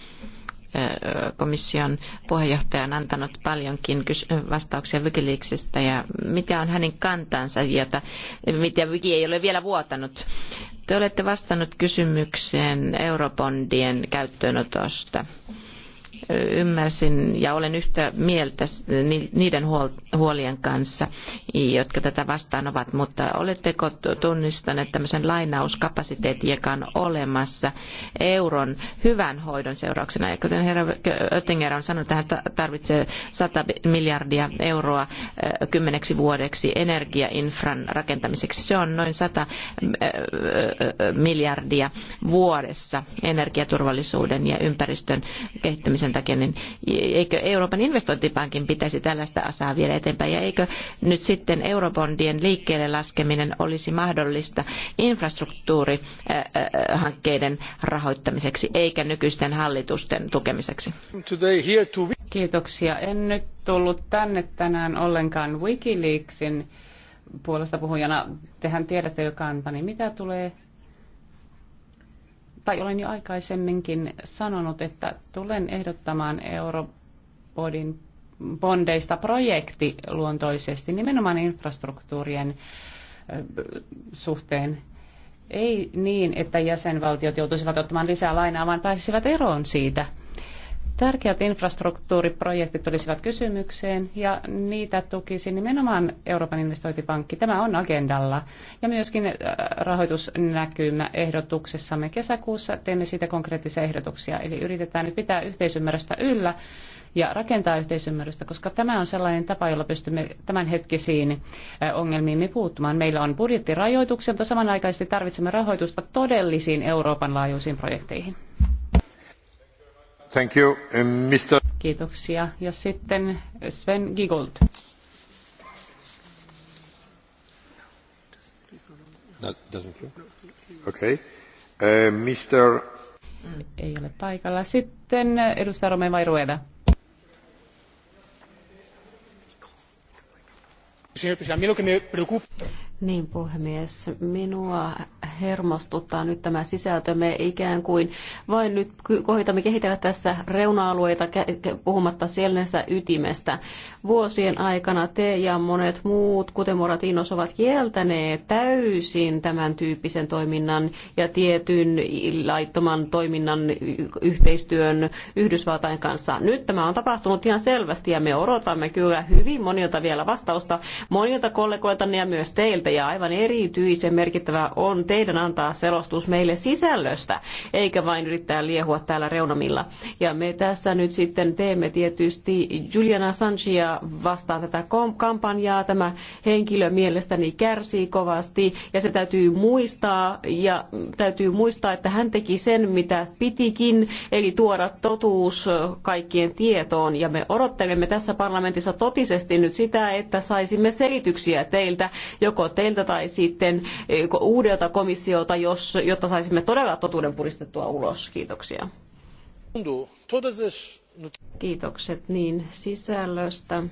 uh, komission puheenjohtaja on antanut paljonkin vastauksia Wikileaksista ja mikä on hänen kantansa, jota, mitä Wiki ei ole vielä vuotanut. Te olette vastannut kysymykseen eurobondien käyttöönotosta ymmärsin ja olen yhtä mieltä niiden huolien kanssa, jotka tätä vastaan ovat, mutta oletteko tunnistaneet tämmöisen lainauskapasiteetin, joka on olemassa euron hyvän hoidon seurauksena? Ja kuten herra Oettinger on sanonut, tähän tarvitsee 100 miljardia euroa kymmeneksi vuodeksi energiainfran rakentamiseksi. Se on noin 100 miljardia vuodessa energiaturvallisuuden ja ympäristön kehittämisen takia, niin eikö Euroopan investointipankin pitäisi tällaista asiaa viedä eteenpäin ja eikö nyt sitten eurobondien liikkeelle laskeminen olisi mahdollista infrastruktuurihankkeiden rahoittamiseksi eikä nykyisten hallitusten tukemiseksi? Kiitoksia. En nyt tullut tänne tänään ollenkaan Wikileaksin puolesta puhujana. Tehän tiedätte jo kantani, mitä tulee tai olen jo aikaisemminkin sanonut, että tulen ehdottamaan Eurobodin bondeista luontoisesti nimenomaan infrastruktuurien suhteen. Ei niin, että jäsenvaltiot joutuisivat ottamaan lisää lainaa, vaan pääsisivät eroon siitä – Tärkeät infrastruktuuriprojektit olisivat kysymykseen ja niitä tukisi nimenomaan Euroopan investointipankki. Tämä on agendalla. Ja myöskin äh, rahoitusnäkymä ehdotuksessamme kesäkuussa teemme siitä konkreettisia ehdotuksia. Eli yritetään nyt pitää yhteisymmärrystä yllä ja rakentaa yhteisymmärrystä, koska tämä on sellainen tapa, jolla pystymme tämänhetkisiin äh, ongelmiin puuttumaan. Meillä on budjettirajoituksia, mutta samanaikaisesti tarvitsemme rahoitusta todellisiin Euroopan laajuisiin projekteihin. Thank Kiitoksia. Ja sitten Sven Gigold. okay. uh, Mr. Ei ole paikalla. Sitten edustaja Romein vai Rueda. Niin puhemies, minua hermostuttaa nyt tämä sisältö. Me ikään kuin vain nyt kohitamme kehitellä tässä reuna-alueita puhumatta sielensä ytimestä. Vuosien aikana te ja monet muut, kuten Moratinos, ovat kieltäneet täysin tämän tyyppisen toiminnan ja tietyn laittoman toiminnan yhteistyön Yhdysvaltain kanssa. Nyt tämä on tapahtunut ihan selvästi ja me odotamme kyllä hyvin monilta vielä vastausta, monilta kollegoiltanne ja myös teiltä työstä ja aivan erityisen merkittävää on teidän antaa selostus meille sisällöstä, eikä vain yrittää liehua täällä reunamilla. Ja me tässä nyt sitten teemme tietysti Juliana Sanchia vastaan tätä kampanjaa. Tämä henkilö mielestäni kärsii kovasti ja se täytyy muistaa ja täytyy muistaa, että hän teki sen, mitä pitikin, eli tuoda totuus kaikkien tietoon. Ja me odottelemme tässä parlamentissa totisesti nyt sitä, että saisimme selityksiä teiltä joko teiltä tai sitten e, uudelta komissiolta, jos, jotta saisimme todella totuuden puristettua ulos? Kiitoksia. Kiitokset niin sisällöstä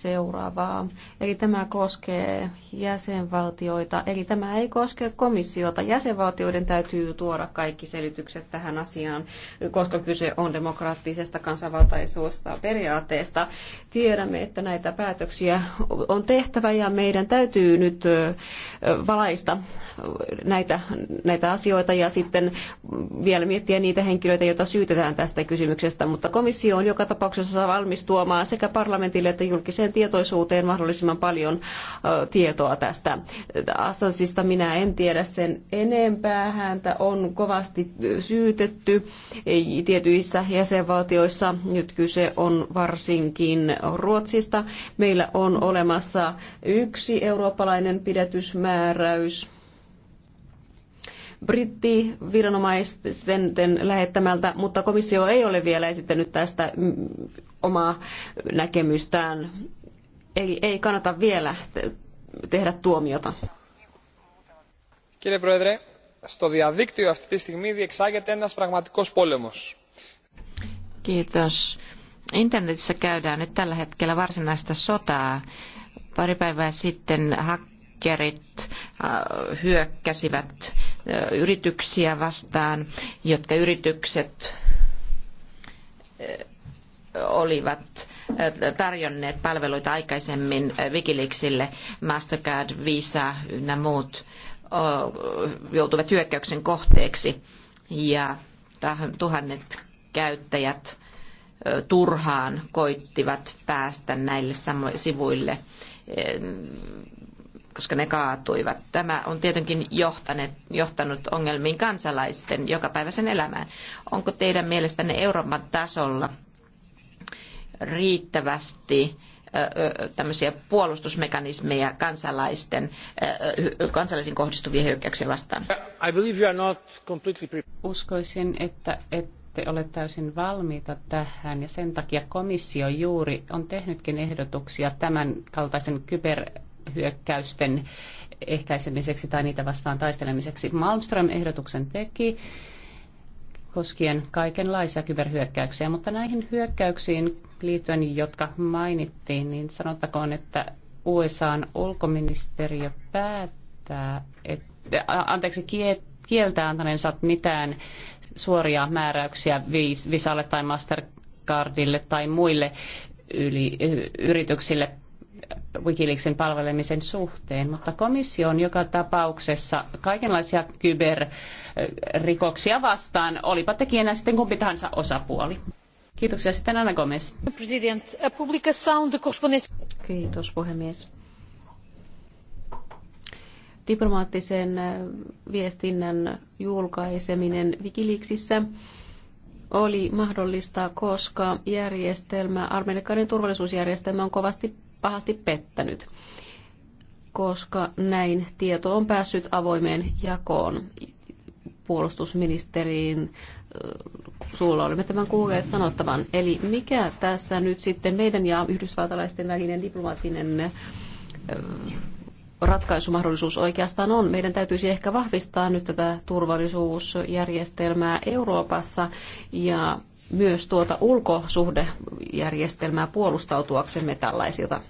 seuraavaa. Eli tämä koskee jäsenvaltioita, eli tämä ei koske komissiota. Jäsenvaltioiden täytyy tuoda kaikki selitykset tähän asiaan, koska kyse on demokraattisesta kansanvaltaisuudesta periaatteesta. Tiedämme, että näitä päätöksiä on tehtävä ja meidän täytyy nyt valaista näitä, näitä asioita ja sitten vielä miettiä niitä henkilöitä, joita syytetään tästä kysymyksestä. Mutta komissio on joka tapauksessa valmis tuomaan sekä parlamentille että julkiseen yleiseen tietoisuuteen mahdollisimman paljon tietoa tästä Assansista. Minä en tiedä sen enempää. Häntä on kovasti syytetty e, tietyissä jäsenvaltioissa. Nyt kyse on varsinkin Ruotsista. Meillä on olemassa yksi eurooppalainen pidätysmääräys brittiviranomaisten lähettämältä, mutta komissio ei ole vielä esittänyt tästä mm, omaa näkemystään. Eli ei kannata vielä tehdä tuomiota. Κύριε Πρόεδρε, στο διαδίκτυο αυτή τη στιγμή διεξάγεται ένας πραγματικός πόλεμος. Kiitos. Internetissä käydään nyt tällä hetkellä varsinaista sotaa. Pari päivää sitten hakkerit äh, hyökkäsivät äh, yrityksiä vastaan, jotka yritykset äh, olivat Äh, tarjonneet palveluita aikaisemmin äh, Wikileaksille, Mastercard, Visa ynnä muut joutuvat hyökkäyksen kohteeksi ja tuhannet käyttäjät turhaan koittivat päästä näille sivuille, koska ne kaatuivat. Tämä on tietenkin johtanut johtanut ongelmiin kansalaisten jokapäiväisen elämään. Onko teidän mielestänne Euroopan tasolla riittävästi tämmöisiä puolustusmekanismeja kansalaisten, kansalaisiin kohdistuvia hyökkäyksiä vastaan. Uskoisin, että ette ole täysin valmiita tähän ja sen takia komissio juuri on tehnytkin ehdotuksia tämän kaltaisen kyberhyökkäysten ehkäisemiseksi tai niitä vastaan taistelemiseksi. Malmström ehdotuksen teki koskien kaikenlaisia kyberhyökkäyksiä, mutta näihin hyökkäyksiin liittyen, jotka mainittiin, niin sanottakoon, että USAn ulkoministeriö päättää, että, anteeksi, kieltää antaneensa mitään suoria määräyksiä Visalle tai Mastercardille tai muille yli, yrityksille Wikileaksin palvelemisen suhteen, mutta komissio on joka tapauksessa kaikenlaisia kyber rikoksia vastaan, olipa tekijänä sitten kumpi tahansa osapuoli. Kiitoksia sitten Anna Gomez. Kiitos puhemies. Diplomaattisen äh, viestinnän julkaiseminen Wikileaksissä oli mahdollista, koska järjestelmä, armeinikkaiden turvallisuusjärjestelmä on kovasti pahasti pettänyt, koska näin tieto on päässyt avoimeen jakoon puolustusministeriin äh, suulla olemme tämän kuulleet sanottavan. Eli mikä tässä nyt sitten meidän ja yhdysvaltalaisten välinen diplomaattinen äh, ratkaisumahdollisuus oikeastaan on. Meidän täytyisi ehkä vahvistaa nyt tätä turvallisuusjärjestelmää Euroopassa ja myös tuota ulkosuhdejärjestelmää puolustautuaksemme tällaisilta.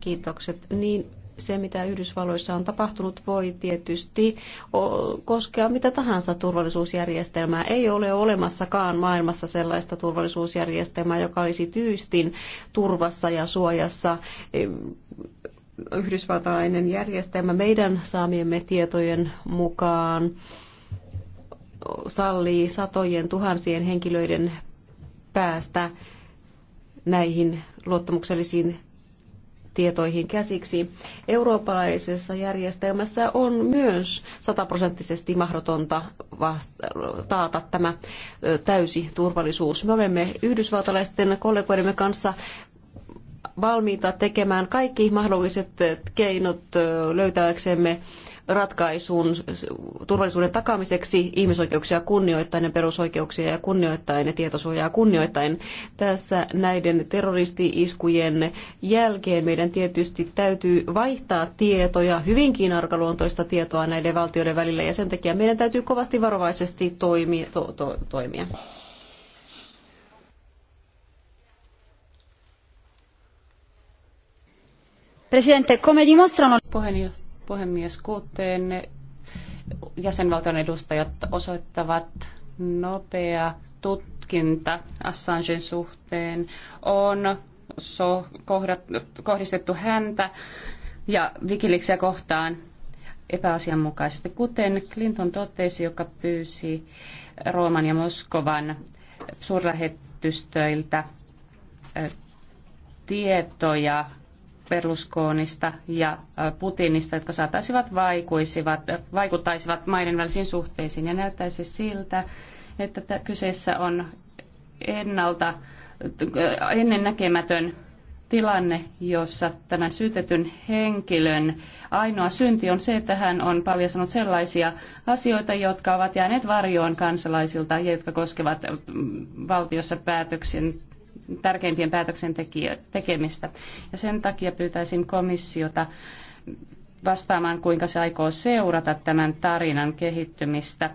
Kiitokset. Niin se, mitä Yhdysvalloissa on tapahtunut, voi tietysti koskea mitä tahansa turvallisuusjärjestelmää. Ei ole olemassakaan maailmassa sellaista turvallisuusjärjestelmää, joka olisi tyystin turvassa ja suojassa yhdysvaltalainen järjestelmä meidän saamiemme tietojen mukaan sallii satojen tuhansien henkilöiden päästä näihin luottamuksellisiin tietoihin käsiksi. Eurooppalaisessa järjestelmässä on myös sataprosenttisesti mahdotonta taata tämä täysi turvallisuus. Me olemme yhdysvaltalaisten kollegoidemme kanssa valmiita tekemään kaikki mahdolliset keinot löytääksemme ratkaisuun turvallisuuden takaamiseksi ihmisoikeuksia kunnioittain ja perusoikeuksia ja kunnioittain ja tietosuojaa kunnioittain. Tässä näiden terroristi-iskujen jälkeen meidän tietysti täytyy vaihtaa tietoja, hyvinkin arkaluontoista tietoa näiden valtioiden välillä ja sen takia meidän täytyy kovasti varovaisesti toimia. To, to, toimia. Presidente, come dimostrano... Puheenjohtaja puhemies, kuten jäsenvaltion edustajat osoittavat nopea tutkinta Assangen suhteen on so, kohdat, kohdistettu häntä ja Wikileaksia kohtaan epäasianmukaisesti, kuten Clinton totesi, joka pyysi Rooman ja Moskovan suurlähetystöiltä tietoja Berlusconista ja Putinista, jotka saattaisivat vaikuisivat, vaikuttaisivat maiden välisiin suhteisiin. Ja näyttäisi siltä, että kyseessä on ennalta ennennäkemätön tilanne, jossa tämän syytetyn henkilön ainoa synti on se, että hän on paljastanut sellaisia asioita, jotka ovat jääneet varjoon kansalaisilta ja jotka koskevat valtiossa päätöksen tärkeimpien tekemistä Ja sen takia pyytäisin komissiota vastaamaan, kuinka se aikoo seurata tämän tarinan kehittymistä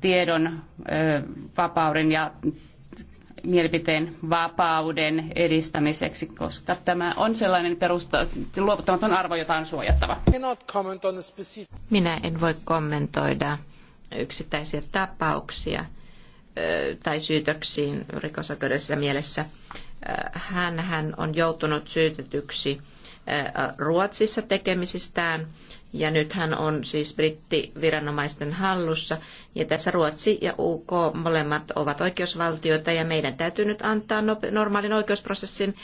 tiedon vapauden ja mielipiteen vapauden edistämiseksi, koska tämä on sellainen perusta, luovuttamaton arvo, jota on suojattava. Minä en voi kommentoida yksittäisiä tapauksia tai syytöksiin rikosoikeudellisessa mielessä. Hän, hän on joutunut syytetyksi Ruotsissa tekemisistään ja nyt hän on siis brittiviranomaisten hallussa. Ja tässä Ruotsi ja UK molemmat ovat oikeusvaltioita ja meidän täytyy nyt antaa no, normaalin oikeusprosessin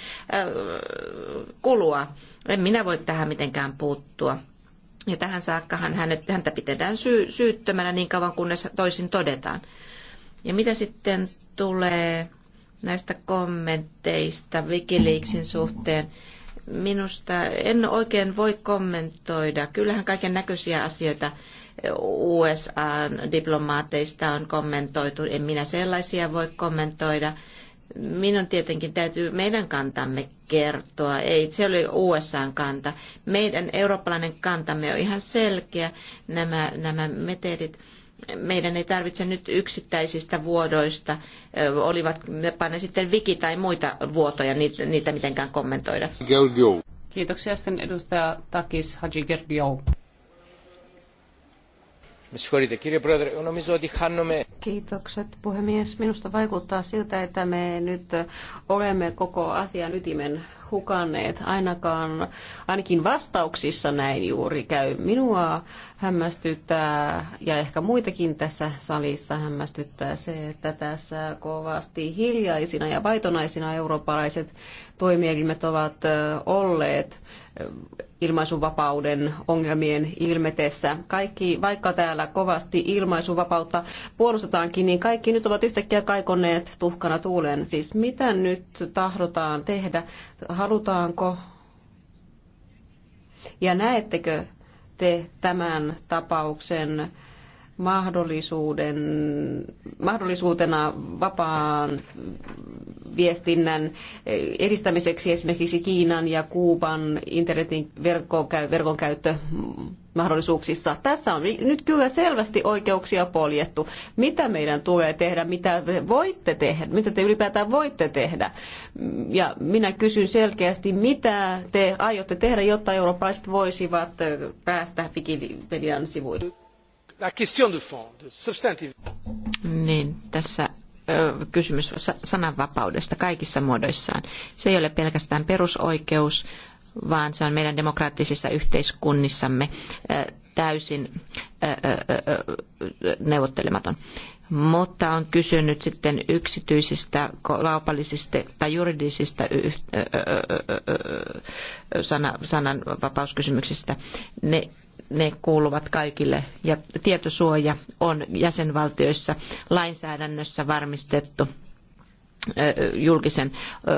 kulua. En minä voi tähän mitenkään puuttua. Ja tähän saakkahan hänet, häntä pidetään sy- syyttömänä niin kauan kunnes toisin todetaan. Ja mitä sitten tulee näistä kommenteista Wikileaksin suhteen? Minusta en oikein voi kommentoida. Kyllähän kaiken näköisiä asioita USA-diplomaateista on kommentoitu. En minä sellaisia voi kommentoida. Minun tietenkin täytyy meidän kantamme kertoa. Ei, se oli USAn kanta. Meidän eurooppalainen kantamme on ihan selkeä, nämä, nämä metodit meidän ei tarvitse nyt yksittäisistä vuodoista, olivat ne sitten wiki tai muita vuotoja, niitä, niitä mitenkään kommentoida. Kiitoksia sitten edustaja Takis Hadji Georgiou. Kiitokset puhemies. Minusta vaikuttaa siltä, että me nyt olemme koko asian ytimen hukanneet, ainakaan, ainakin vastauksissa näin juuri käy. Minua hämmästyttää, ja ehkä muitakin tässä salissa hämmästyttää se, että tässä kovasti hiljaisina ja vaitonaisina eurooppalaiset toimielimet ovat olleet ilmaisuvapauden ongelmien ilmetessä. Kaikki, vaikka täällä kovasti ilmaisuvapautta puolustetaankin, niin kaikki nyt ovat yhtäkkiä kaikonneet tuhkana tuuleen. Siis mitä nyt tahdotaan tehdä? Halutaanko? Ja näettekö te tämän tapauksen mahdollisuuden, mahdollisuutena vapaan viestinnän edistämiseksi esimerkiksi Kiinan ja Kuuban internetin verkon käyttö mahdollisuuksissa. Tässä on nyt kyllä selvästi oikeuksia poljettu. Mitä meidän tulee tehdä, mitä te voitte tehdä, mitä te ylipäätään voitte tehdä. Ja minä kysyn selkeästi, mitä te aiotte tehdä, jotta eurooppalaiset voisivat päästä Wikipedian sivuille la question de fond, de substantive. Niin, tässä kysymys sananvapaudesta kaikissa muodoissaan. Se ei ole pelkästään perusoikeus, vaan se on meidän demokraattisissa yhteiskunnissamme täysin neuvottelematon. Mutta on kysynyt sitten yksityisistä, kaupallisista tai juridisista sananvapauskysymyksistä. Ne ne kuuluvat kaikille ja tietosuoja on jäsenvaltioissa lainsäädännössä varmistettu julkisen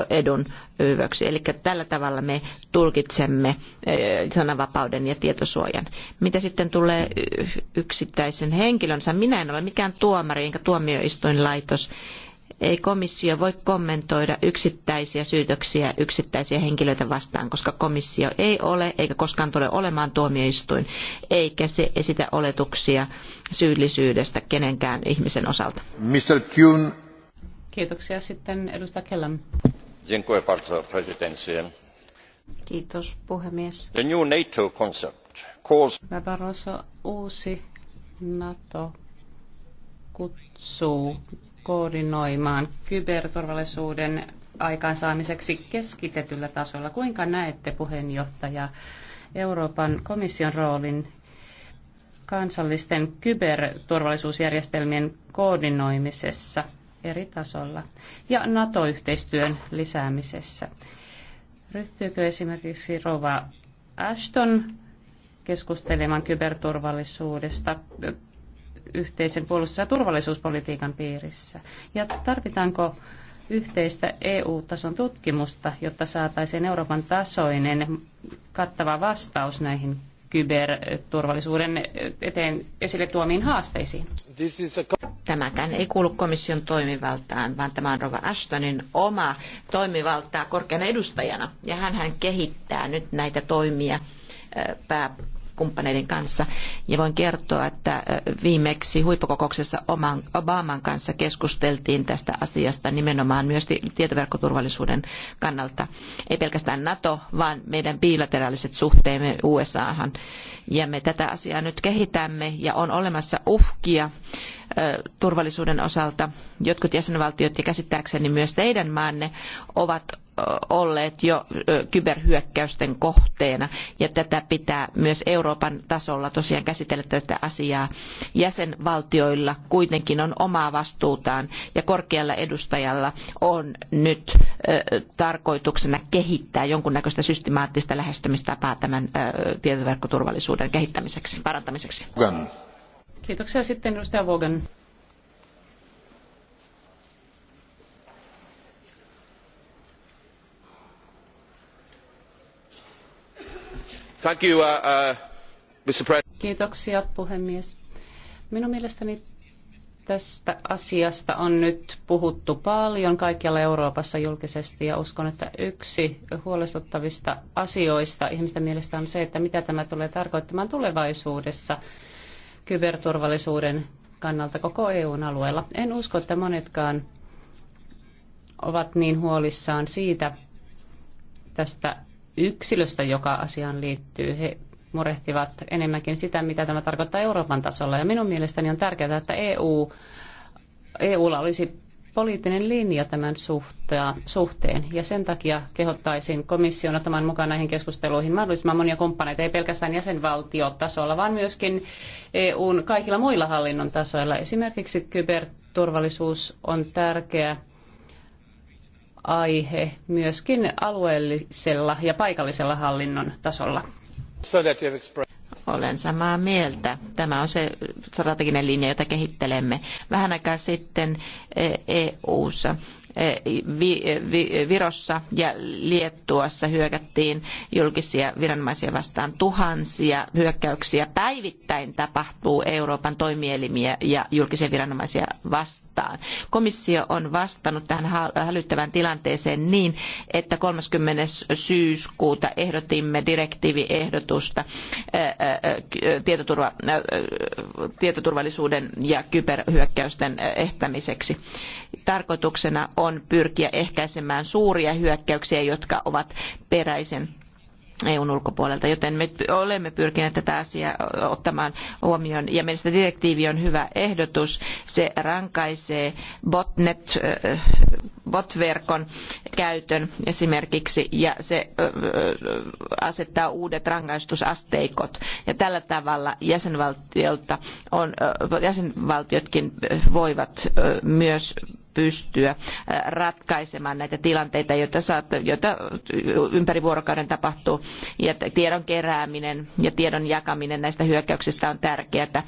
edun hyväksi. Eli tällä tavalla me tulkitsemme sananvapauden ja tietosuojan. Mitä sitten tulee yksittäisen henkilönsä? Minä en ole mikään tuomari enkä tuomioistuinlaitos, ei komissio voi kommentoida yksittäisiä syytöksiä yksittäisiä henkilöitä vastaan, koska komissio ei ole eikä koskaan tule olemaan tuomioistuin, eikä se esitä oletuksia syyllisyydestä kenenkään ihmisen osalta. Mr. Kuhn. Kiitoksia sitten edustaja Kellam. Dziękuję bardzo, presidency. Kiitos puhemies. The new NATO concept calls... Barroso, uusi NATO kutsuu koordinoimaan kyberturvallisuuden aikaansaamiseksi keskitetyllä tasolla. Kuinka näette puheenjohtaja Euroopan komission roolin kansallisten kyberturvallisuusjärjestelmien koordinoimisessa eri tasolla ja NATO-yhteistyön lisäämisessä? Ryhtyykö esimerkiksi Rova Ashton keskustelemaan kyberturvallisuudesta yhteisen puolustus- ja turvallisuuspolitiikan piirissä? Ja tarvitaanko yhteistä EU-tason tutkimusta, jotta saataisiin Euroopan tasoinen kattava vastaus näihin kyberturvallisuuden eteen esille tuomiin haasteisiin? Tämäkään ei kuulu komission toimivaltaan, vaan tämä on Rova Ashtonin oma toimivaltaa korkeana edustajana. Ja hän kehittää nyt näitä toimia pää kumppaneiden kanssa. Ja voin kertoa, että viimeksi huippukokouksessa Obaman kanssa keskusteltiin tästä asiasta nimenomaan myös tietoverkkoturvallisuuden kannalta. Ei pelkästään NATO, vaan meidän bilateraaliset suhteemme USAhan. Ja me tätä asiaa nyt kehitämme ja on olemassa uhkia turvallisuuden osalta. Jotkut jäsenvaltiot ja käsittääkseni myös teidän maanne ovat olleet jo kyberhyökkäysten kohteena ja tätä pitää myös Euroopan tasolla tosiaan käsitellä tästä asiaa. Jäsenvaltioilla kuitenkin on omaa vastuutaan ja korkealla edustajalla on nyt tarkoituksena kehittää jonkunnäköistä systemaattista lähestymistapaa tämän tietoverkkoturvallisuuden kehittämiseksi, parantamiseksi. Kiitoksia sitten edustaja Vogan. Uh, uh, Kiitoksia puhemies. Minun mielestäni tästä asiasta on nyt puhuttu paljon kaikkialla Euroopassa julkisesti ja uskon, että yksi huolestuttavista asioista ihmisten mielestä on se, että mitä tämä tulee tarkoittamaan tulevaisuudessa kyberturvallisuuden kannalta koko EUn alueella. En usko, että monetkaan ovat niin huolissaan siitä tästä yksilöstä, joka asiaan liittyy. He murehtivat enemmänkin sitä, mitä tämä tarkoittaa Euroopan tasolla. Ja minun mielestäni on tärkeää, että EU, EUlla olisi poliittinen linja tämän suhteen. Ja sen takia kehottaisin komission ottamaan mukaan näihin keskusteluihin mahdollisimman monia kumppaneita, ei pelkästään jäsenvaltiotasolla, vaan myöskin EUn kaikilla muilla hallinnon tasoilla. Esimerkiksi kyberturvallisuus on tärkeä aihe myöskin alueellisella ja paikallisella hallinnon tasolla. Olen samaa mieltä. Tämä on se strateginen linja, jota kehittelemme. Vähän aikaa sitten EU-ssa eh, e Eh, eh, eh, Virossa ja Liettuassa hyökättiin julkisia viranomaisia vastaan tuhansia hyökkäyksiä. Päivittäin tapahtuu Euroopan toimielimiä ja julkisia viranomaisia vastaan. Komissio on vastannut tähän hälyttävään tilanteeseen niin, että 30. syyskuuta ehdotimme direktiiviehdotusta tietoturva, tietoturvallisuuden ja kyberhyökkäysten ehtämiseksi. Tarkoituksena on pyrkiä ehkäisemään suuria hyökkäyksiä, jotka ovat peräisin EUn ulkopuolelta, joten me olemme pyrkineet tätä asiaa ottamaan huomioon. Ja mielestäni direktiivi on hyvä ehdotus. Se rankaisee botnet äh, VOT-verkon käytön esimerkiksi, ja se asettaa uudet rangaistusasteikot. Ja tällä tavalla jäsenvaltiolta on, jäsenvaltiotkin voivat myös pystyä ratkaisemaan näitä tilanteita, joita, saat, joita ympäri vuorokauden tapahtuu. Ja tiedon kerääminen ja tiedon jakaminen näistä hyökkäyksistä on tärkeää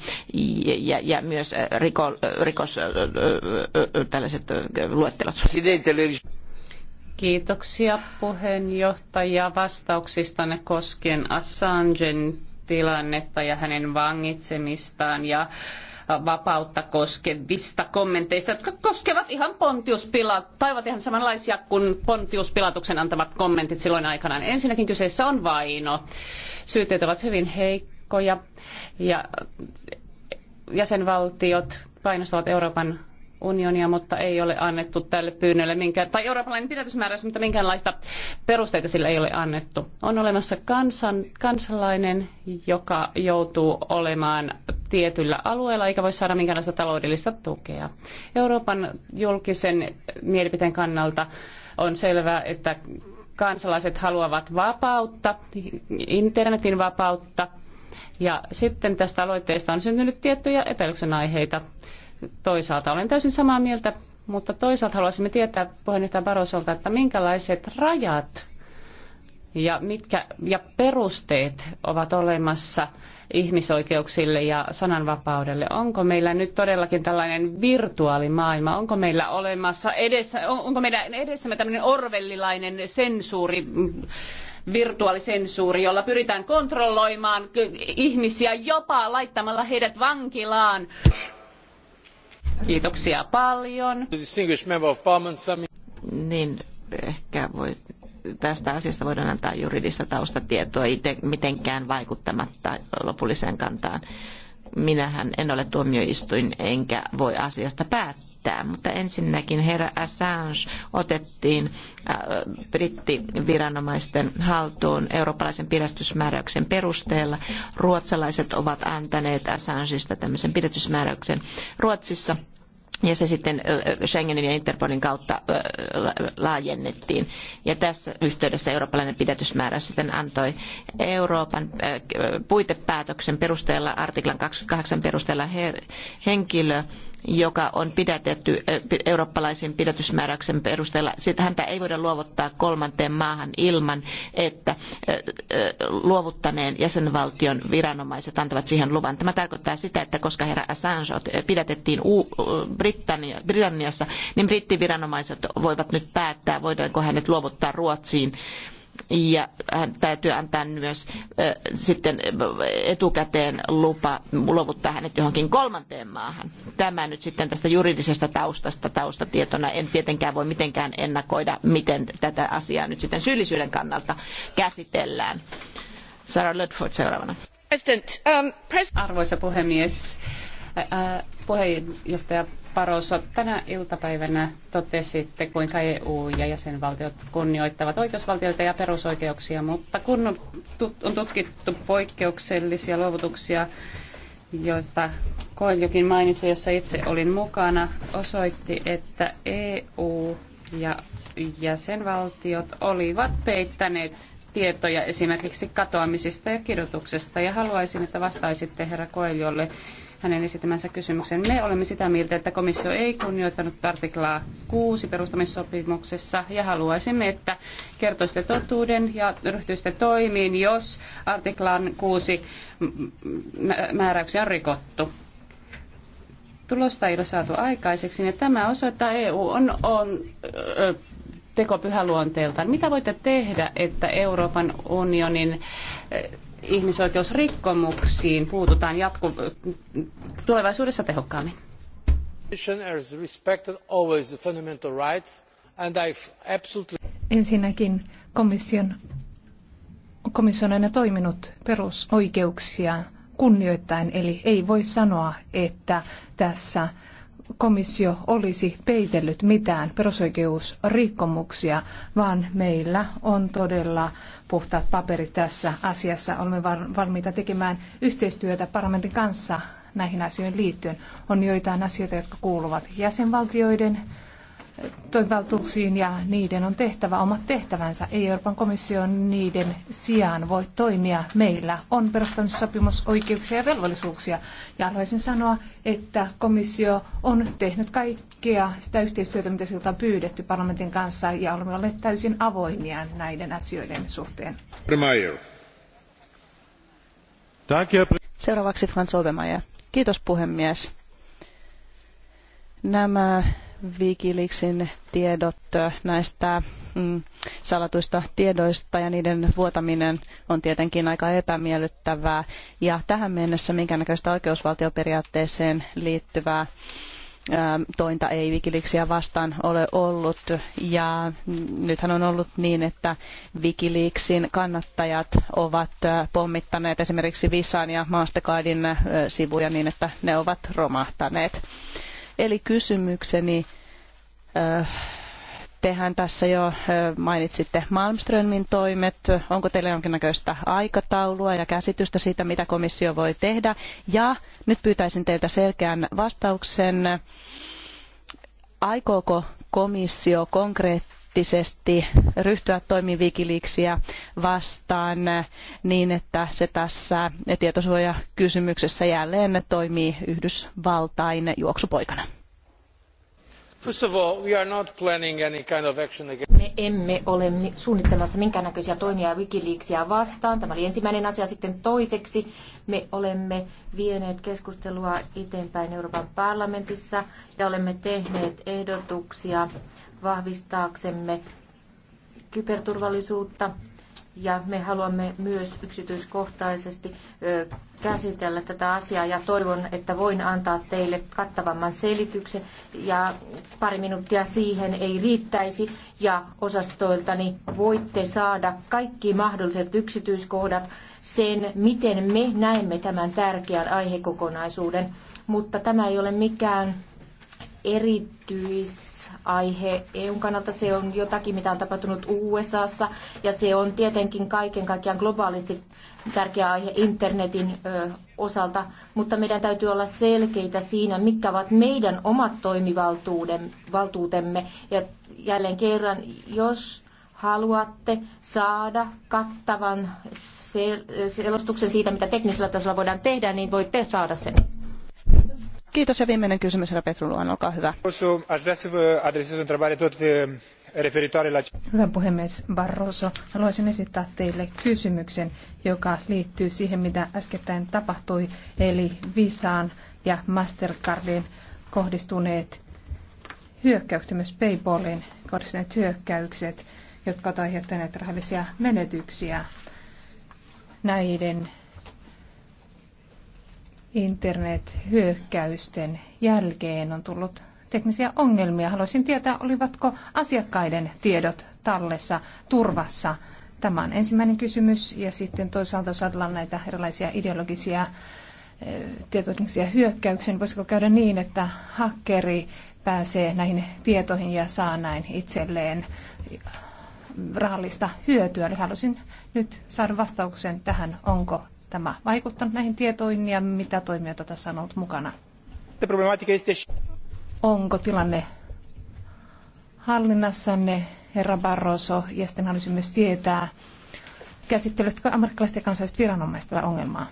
ja, ja myös riko, rikos, tällaiset luettelot. Kiitoksia puheenjohtaja vastauksistanne koskien Assangen tilannetta ja hänen vangitsemistaan ja vapautta koskevista kommenteista, jotka koskevat ihan Pontius tai taivat ihan samanlaisia kuin Pontius Pilatuksen antamat kommentit silloin aikanaan. Ensinnäkin kyseessä on vaino. Syytteet ovat hyvin heikkoja ja jäsenvaltiot painostavat Euroopan unionia, mutta ei ole annettu tälle pyynnölle minkään, tai eurooppalainen pidätysmääräys, mutta minkäänlaista perusteita sille ei ole annettu. On olemassa kansan, kansalainen, joka joutuu olemaan tietyllä alueella eikä voi saada minkäänlaista taloudellista tukea. Euroopan julkisen mielipiteen kannalta on selvää, että kansalaiset haluavat vapautta, internetin vapautta, ja sitten tästä aloitteesta on syntynyt tiettyjä epäilyksen aiheita toisaalta. Olen täysin samaa mieltä, mutta toisaalta haluaisimme tietää puheenjohtaja Barosolta, että minkälaiset rajat ja, mitkä, ja perusteet ovat olemassa ihmisoikeuksille ja sananvapaudelle? Onko meillä nyt todellakin tällainen virtuaalimaailma? Onko meillä olemassa edessä, onko meidän edessämme tämmöinen orvellilainen sensuuri, virtuaalisensuuri, jolla pyritään kontrolloimaan ihmisiä jopa laittamalla heidät vankilaan? Kiitoksia paljon. Niin, ehkä voi, tästä asiasta voidaan antaa juridista taustatietoa itse mitenkään vaikuttamatta lopulliseen kantaan minähän en ole tuomioistuin enkä voi asiasta päättää, mutta ensinnäkin herra Assange otettiin äh, brittiviranomaisten haltuun eurooppalaisen pidätysmääräyksen perusteella. Ruotsalaiset ovat antaneet Assangeista tämmöisen pidätysmääräyksen Ruotsissa ja se sitten Schengenin ja Interpolin kautta laajennettiin. Ja tässä yhteydessä eurooppalainen pidätysmäärä sitten antoi Euroopan puitepäätöksen perusteella, artiklan 28 perusteella henkilö, joka on pidätetty eurooppalaisen pidätysmääräyksen perusteella, häntä ei voida luovuttaa kolmanteen maahan ilman, että luovuttaneen jäsenvaltion viranomaiset antavat siihen luvan. Tämä tarkoittaa sitä, että koska herra Assange pidätettiin Britanniassa, niin brittiviranomaiset voivat nyt päättää, voidaanko hänet luovuttaa Ruotsiin ja hän täytyy antaa myös sitten etukäteen lupa luovuttaa hänet johonkin kolmanteen maahan. Tämä nyt sitten tästä juridisesta taustasta taustatietona. En tietenkään voi mitenkään ennakoida, miten tätä asiaa nyt sitten syyllisyyden kannalta käsitellään. Sarah Ludford seuraavana. Um, Arvoisa puhemies, puheenjohtaja Parossa tänä iltapäivänä totesitte, kuinka EU ja jäsenvaltiot kunnioittavat oikeusvaltioita ja perusoikeuksia, mutta kun on tutkittu poikkeuksellisia luovutuksia, joista Koiljokin mainitsi, jossa itse olin mukana, osoitti, että EU ja jäsenvaltiot olivat peittäneet tietoja esimerkiksi katoamisista ja kidutuksesta. Ja haluaisin, että vastaisitte herra Koeljolle hänen esittämänsä kysymyksen. Me olemme sitä mieltä, että komissio ei kunnioittanut artiklaa 6 perustamissopimuksessa ja haluaisimme, että kertoisitte totuuden ja ryhtyisitte toimiin, jos artiklan 6 määräyksiä on rikottu. Tulosta ei ole saatu aikaiseksi, ja tämä osoittaa, että EU on, on ö, tekopyhä luonteeltaan. Mitä voitte tehdä, että Euroopan unionin ihmisoikeusrikkomuksiin puututaan jatku- tulevaisuudessa tehokkaammin. Ensinnäkin komission, komission on aina toiminut perusoikeuksia kunnioittain, eli ei voi sanoa, että tässä komissio olisi peitellyt mitään perusoikeusrikkomuksia, vaan meillä on todella puhtaat paperit tässä asiassa. Olemme valmiita tekemään yhteistyötä parlamentin kanssa näihin asioihin liittyen. On joitain asioita, jotka kuuluvat jäsenvaltioiden toimivaltuuksiin ja niiden on tehtävä omat tehtävänsä. Ei Euroopan komissio niiden sijaan voi toimia. Meillä on perustamissopimus oikeuksia ja velvollisuuksia. Ja haluaisin sanoa, että komissio on tehnyt kaikkea sitä yhteistyötä, mitä siltä on pyydetty parlamentin kanssa ja olemme olleet täysin avoimia näiden asioiden suhteen. Seuraavaksi Frans Olvemaja. Kiitos puhemies. Nämä Wikileaksin tiedot näistä mm, salatuista tiedoista ja niiden vuotaminen on tietenkin aika epämiellyttävää. Ja tähän mennessä minkäännäköistä oikeusvaltioperiaatteeseen liittyvää tointa ei Wikileaksia vastaan ole ollut. Ja nythän on ollut niin, että Wikileaksin kannattajat ovat pommittaneet esimerkiksi Visan ja Mastercardin sivuja niin, että ne ovat romahtaneet. Eli kysymykseni, äh, tehän tässä jo äh, mainitsitte Malmströmin toimet. Onko teillä jonkinnäköistä aikataulua ja käsitystä siitä, mitä komissio voi tehdä? Ja nyt pyytäisin teiltä selkeän vastauksen. Aikooko komissio konkreettisesti kriittisesti ryhtyä toimiin Wikileaksia vastaan niin, että se tässä tietosuojakysymyksessä jälleen toimii Yhdysvaltain juoksupoikana. Me emme ole suunnittelemassa minkäännäköisiä toimia Wikileaksia vastaan. Tämä oli ensimmäinen asia. Sitten toiseksi me olemme vieneet keskustelua eteenpäin Euroopan parlamentissa ja olemme tehneet ehdotuksia vahvistaaksemme kyberturvallisuutta ja me haluamme myös yksityiskohtaisesti käsitellä tätä asiaa ja toivon, että voin antaa teille kattavamman selityksen ja pari minuuttia siihen ei riittäisi ja osastoiltani voitte saada kaikki mahdolliset yksityiskohdat sen, miten me näemme tämän tärkeän aihekokonaisuuden, mutta tämä ei ole mikään erityis aihe EUn kannalta. Se on jotakin, mitä on tapahtunut USAssa ja se on tietenkin kaiken kaikkiaan globaalisti tärkeä aihe internetin ö, osalta, mutta meidän täytyy olla selkeitä siinä, mitkä ovat meidän omat toimivaltuutemme. Ja jälleen kerran, jos haluatte saada kattavan selostuksen siitä, mitä teknisellä tasolla voidaan tehdä, niin voitte saada sen. Kiitos ja viimeinen kysymys, herra Petruloan, olkaa hyvä. Eh, hyvä puhemies Barroso, haluaisin esittää teille kysymyksen, joka liittyy siihen, mitä äskettäin tapahtui, eli Visaan ja Mastercardin kohdistuneet hyökkäykset, myös PayPalin kohdistuneet hyökkäykset, jotka ovat aiheuttaneet rahallisia menetyksiä. Näiden internethyökkäysten jälkeen on tullut teknisiä ongelmia. Haluaisin tietää, olivatko asiakkaiden tiedot tallessa turvassa. Tämä on ensimmäinen kysymys. Ja sitten toisaalta jos ajatellaan näitä erilaisia ideologisia eh, tietoteknisiä hyökkäyksiä, niin voisiko käydä niin, että hakkeri pääsee näihin tietoihin ja saa näin itselleen rahallista hyötyä. Eli halusin nyt saada vastauksen tähän, onko tämä vaikuttanut näihin tietoihin ja mitä toimijoita tässä on ollut mukana? Onko tilanne hallinnassanne, herra Barroso, ja sitten haluaisin myös tietää, käsitteletkö amerikkalaiset ja kansalliset viranomaiset tätä ongelmaa?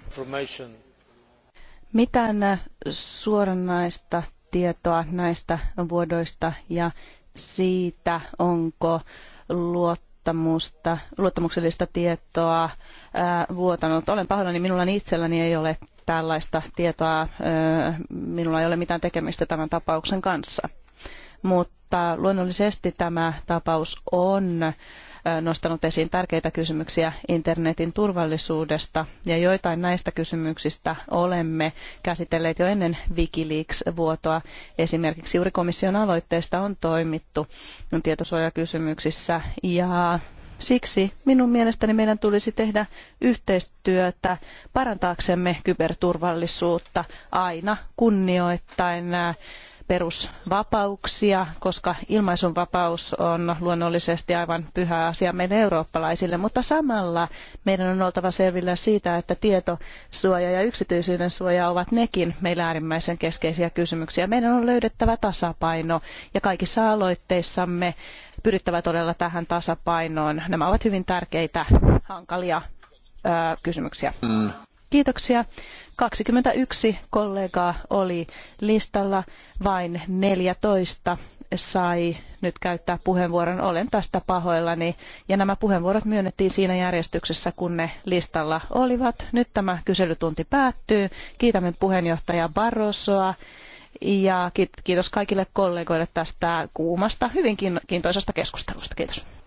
Mitään suoranaista tietoa näistä vuodoista ja siitä, onko luotto luottamusta, luottamuksellista tietoa ää, vuotanut. Olen pahoillani, minulla itselläni ei ole tällaista tietoa, ää, minulla ei ole mitään tekemistä tämän tapauksen kanssa. Mutta luonnollisesti tämä tapaus on nostanut esiin tärkeitä kysymyksiä internetin turvallisuudesta ja joitain näistä kysymyksistä olemme käsitelleet jo ennen Wikileaks-vuotoa. Esimerkiksi juuri komission aloitteesta on toimittu tietosuojakysymyksissä ja Siksi minun mielestäni meidän tulisi tehdä yhteistyötä parantaaksemme kyberturvallisuutta aina kunnioittain perusvapauksia, koska ilmaisunvapaus on luonnollisesti aivan pyhä asia meille eurooppalaisille, mutta samalla meidän on oltava selvillä siitä, että tietosuoja ja yksityisyyden suoja ovat nekin meillä äärimmäisen keskeisiä kysymyksiä. Meidän on löydettävä tasapaino ja kaikissa aloitteissamme pyrittävä todella tähän tasapainoon. Nämä ovat hyvin tärkeitä, hankalia ää, kysymyksiä. Kiitoksia. 21 kollegaa oli listalla, vain 14 sai nyt käyttää puheenvuoron. Olen tästä pahoillani. Ja nämä puheenvuorot myönnettiin siinä järjestyksessä, kun ne listalla olivat. Nyt tämä kyselytunti päättyy. Kiitämme puheenjohtaja Barrosoa ja kiitos kaikille kollegoille tästä kuumasta, hyvin kiintoisesta keskustelusta. Kiitos.